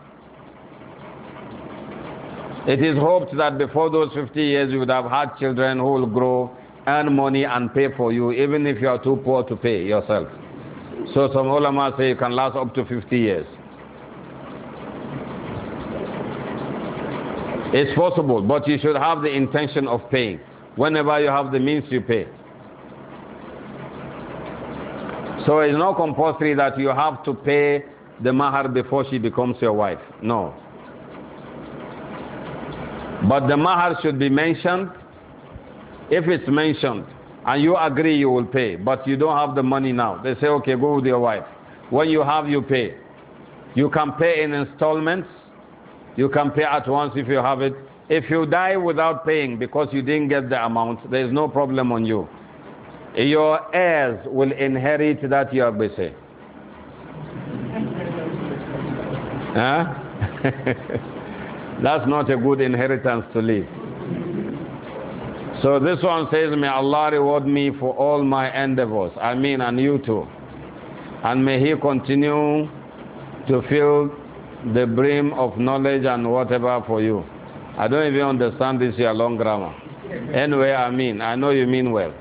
It is hoped that before those 50 years you would have had children who will grow, earn money and pay for you, even if you are too poor to pay yourself. So some ulama say you can last up to 50 years. It's possible, but you should have the intention of paying. Whenever you have the means, you pay. So it's not compulsory that you have to pay the mahar before she becomes your wife. No. But the mahar should be mentioned. If it's mentioned and you agree, you will pay. But you don't have the money now. They say, okay, go with your wife. When you have, you pay. You can pay in installments. You can pay at once if you have it. If you die without paying because you didn't get the amount, there is no problem on you. Your heirs will inherit that yarbise. huh? That's not a good inheritance to leave. So this one says, May Allah reward me for all my endeavors. I mean, and you too. And may He continue to fill the brim of knowledge and whatever for you. I don't even understand this your long grammar. Anyway, I mean, I know you mean well.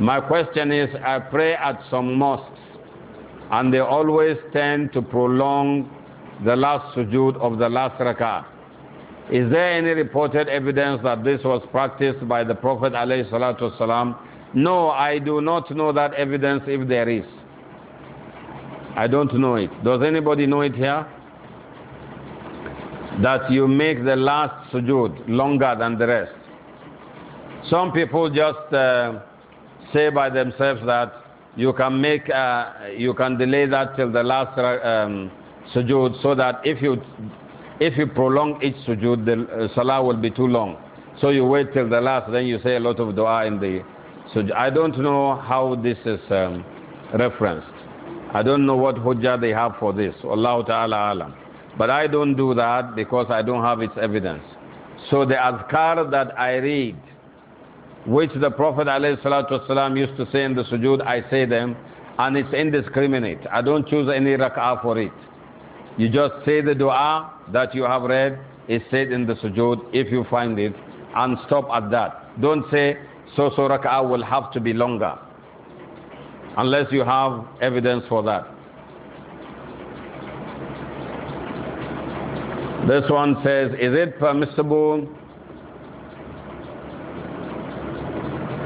My question is I pray at some mosques, and they always tend to prolong the last sujood of the last rakah. Is there any reported evidence that this was practiced by the Prophet ﷺ? No, I do not know that evidence if there is. I don't know it. Does anybody know it here? that you make the last sujood longer than the rest. Some people just uh, say by themselves that you can make uh, you can delay that till the last uh, um, sujood so that if you if you prolong each sujood the uh, salah will be too long. So you wait till the last, then you say a lot of dua in the sujood. I don't know how this is um, referenced. I don't know what hujjah they have for this. Allah Ta'ala alam. But I don't do that because I don't have its evidence. So the azkar that I read, which the Prophet ﷺ used to say in the sujud, I say them, and it's indiscriminate. I don't choose any rak'ah for it. You just say the dua that you have read, is said in the sujud if you find it, and stop at that. Don't say, so so rak'ah will have to be longer, unless you have evidence for that. This one says, is it permissible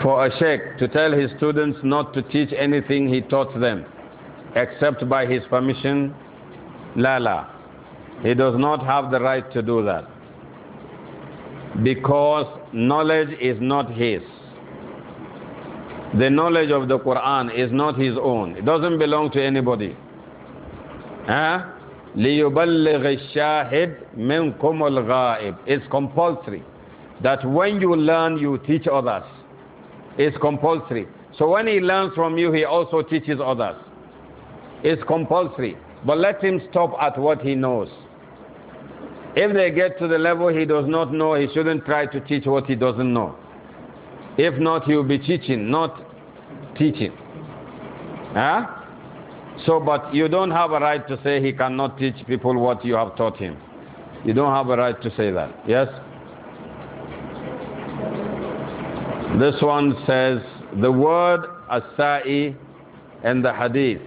for a sheikh to tell his students not to teach anything he taught them except by his permission? Lala. He does not have the right to do that because knowledge is not his. The knowledge of the Quran is not his own. It doesn't belong to anybody. Huh? لِيُبَلِّغِ الشَّاهِدْ مِنْكُمُ الْغَائِبِ It's compulsory that when you learn, you teach others. It's compulsory. So when he learns from you, he also teaches others. It's compulsory. But let him stop at what he knows. If they get to the level he does not know, he shouldn't try to teach what he doesn't know. If not, he will be teaching, not teaching. Huh? So, but you don't have a right to say he cannot teach people what you have taught him. You don't have a right to say that. Yes? This one says the word asai and the hadith.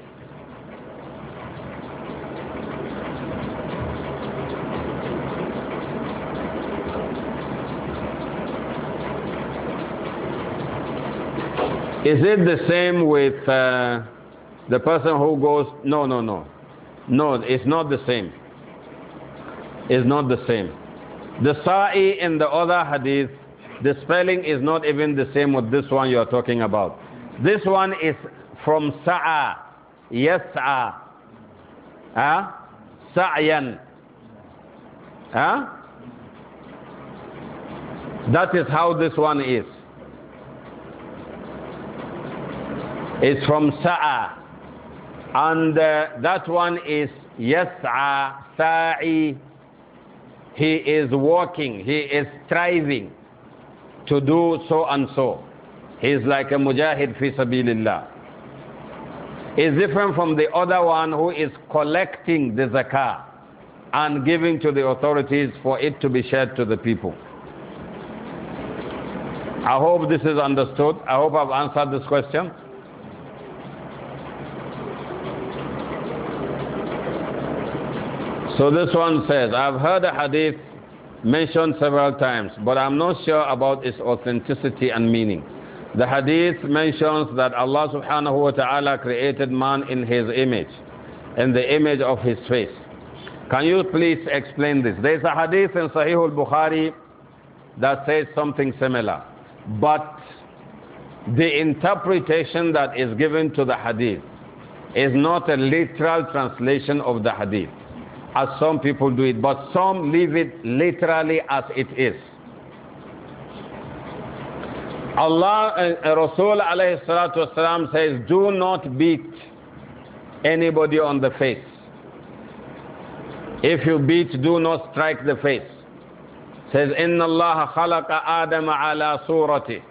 Is it the same with. Uh, the person who goes, no, no, no. No, it's not the same. It's not the same. The sa'i in the other hadith, the spelling is not even the same with this one you are talking about. This one is from sa'a, Yes, huh? sa'yan. Huh? That is how this one is. It's from sa'a. And uh, that one is yas'a sa'i. He is walking, he is striving to do so and so. He is like a mujahid fi sabilillah. Is different from the other one who is collecting the zakah and giving to the authorities for it to be shared to the people. I hope this is understood. I hope I've answered this question. So this one says, I've heard a hadith mentioned several times, but I'm not sure about its authenticity and meaning. The hadith mentions that Allah subhanahu wa ta'ala created man in his image, in the image of his face. Can you please explain this? There's a hadith in Sahih al-Bukhari that says something similar, but the interpretation that is given to the hadith is not a literal translation of the hadith as some people do it, but some leave it literally as it is. Allah and uh, uh, Rasul alayhi salatu wasalam says, Do not beat anybody on the face. If you beat, do not strike the face. Says, Inna Allah khalaqa Adam ala surati.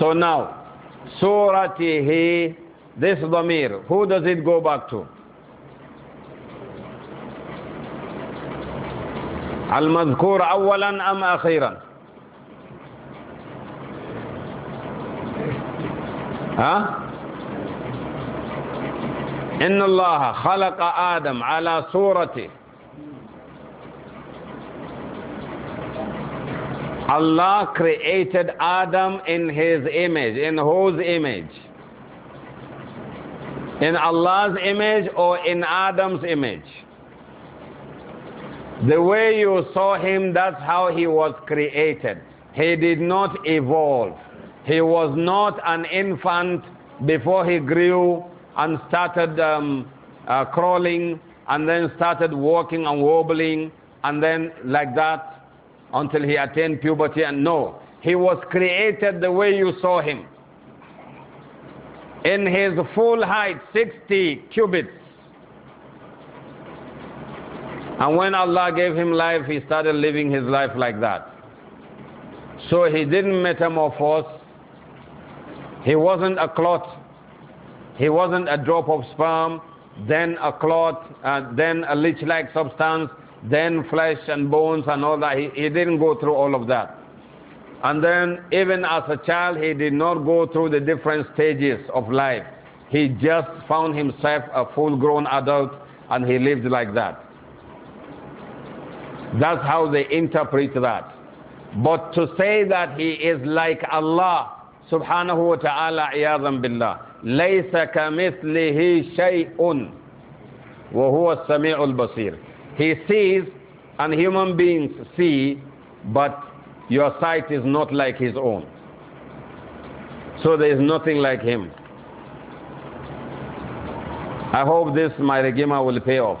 So now, surati he. this dhamir, who does it go back to? المذكور أولا أم أخيرا ها إن الله خلق آدم على صورته Allah created Adam in his image. In whose image? In Allah's image or in Adam's image? The way you saw him, that's how he was created. He did not evolve. He was not an infant before he grew and started um, uh, crawling and then started walking and wobbling and then like that until he attained puberty. And no, he was created the way you saw him. In his full height, 60 cubits, and when Allah gave him life, he started living his life like that. So he didn't metamorphose. He wasn't a clot. He wasn't a drop of sperm, then a clot, uh, then a leech like substance, then flesh and bones and all that. He, he didn't go through all of that. And then, even as a child, he did not go through the different stages of life. He just found himself a full grown adult and he lived like that. That's how they interpret that. But to say that he is like Allah subhanahu wa ta'ala iyadhan billah. لَيْسَ كَمِثْلِهِ شَيْءٌ وَهُوَ السَّمِيعُ الْبَصِيرُ He sees and human beings see, but your sight is not like his own. So there is nothing like him. I hope this, my regima, will pay off.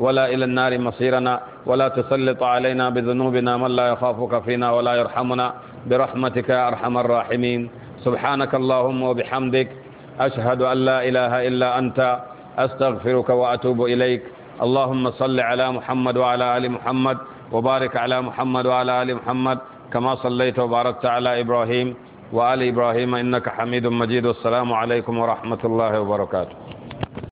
ولا إلى النار مصيرنا ولا تسلط علينا بذنوبنا من لا يخافك فينا ولا يرحمنا برحمتك يا أرحم الراحمين سبحانك اللهم وبحمدك أشهد أن لا إله إلا أنت أستغفرك وأتوب إليك اللهم صل على محمد وعلى آل محمد وبارك على محمد وعلى آل محمد كما صليت وباركت على إبراهيم وآل إبراهيم إنك حميد مجيد والسلام عليكم ورحمة الله وبركاته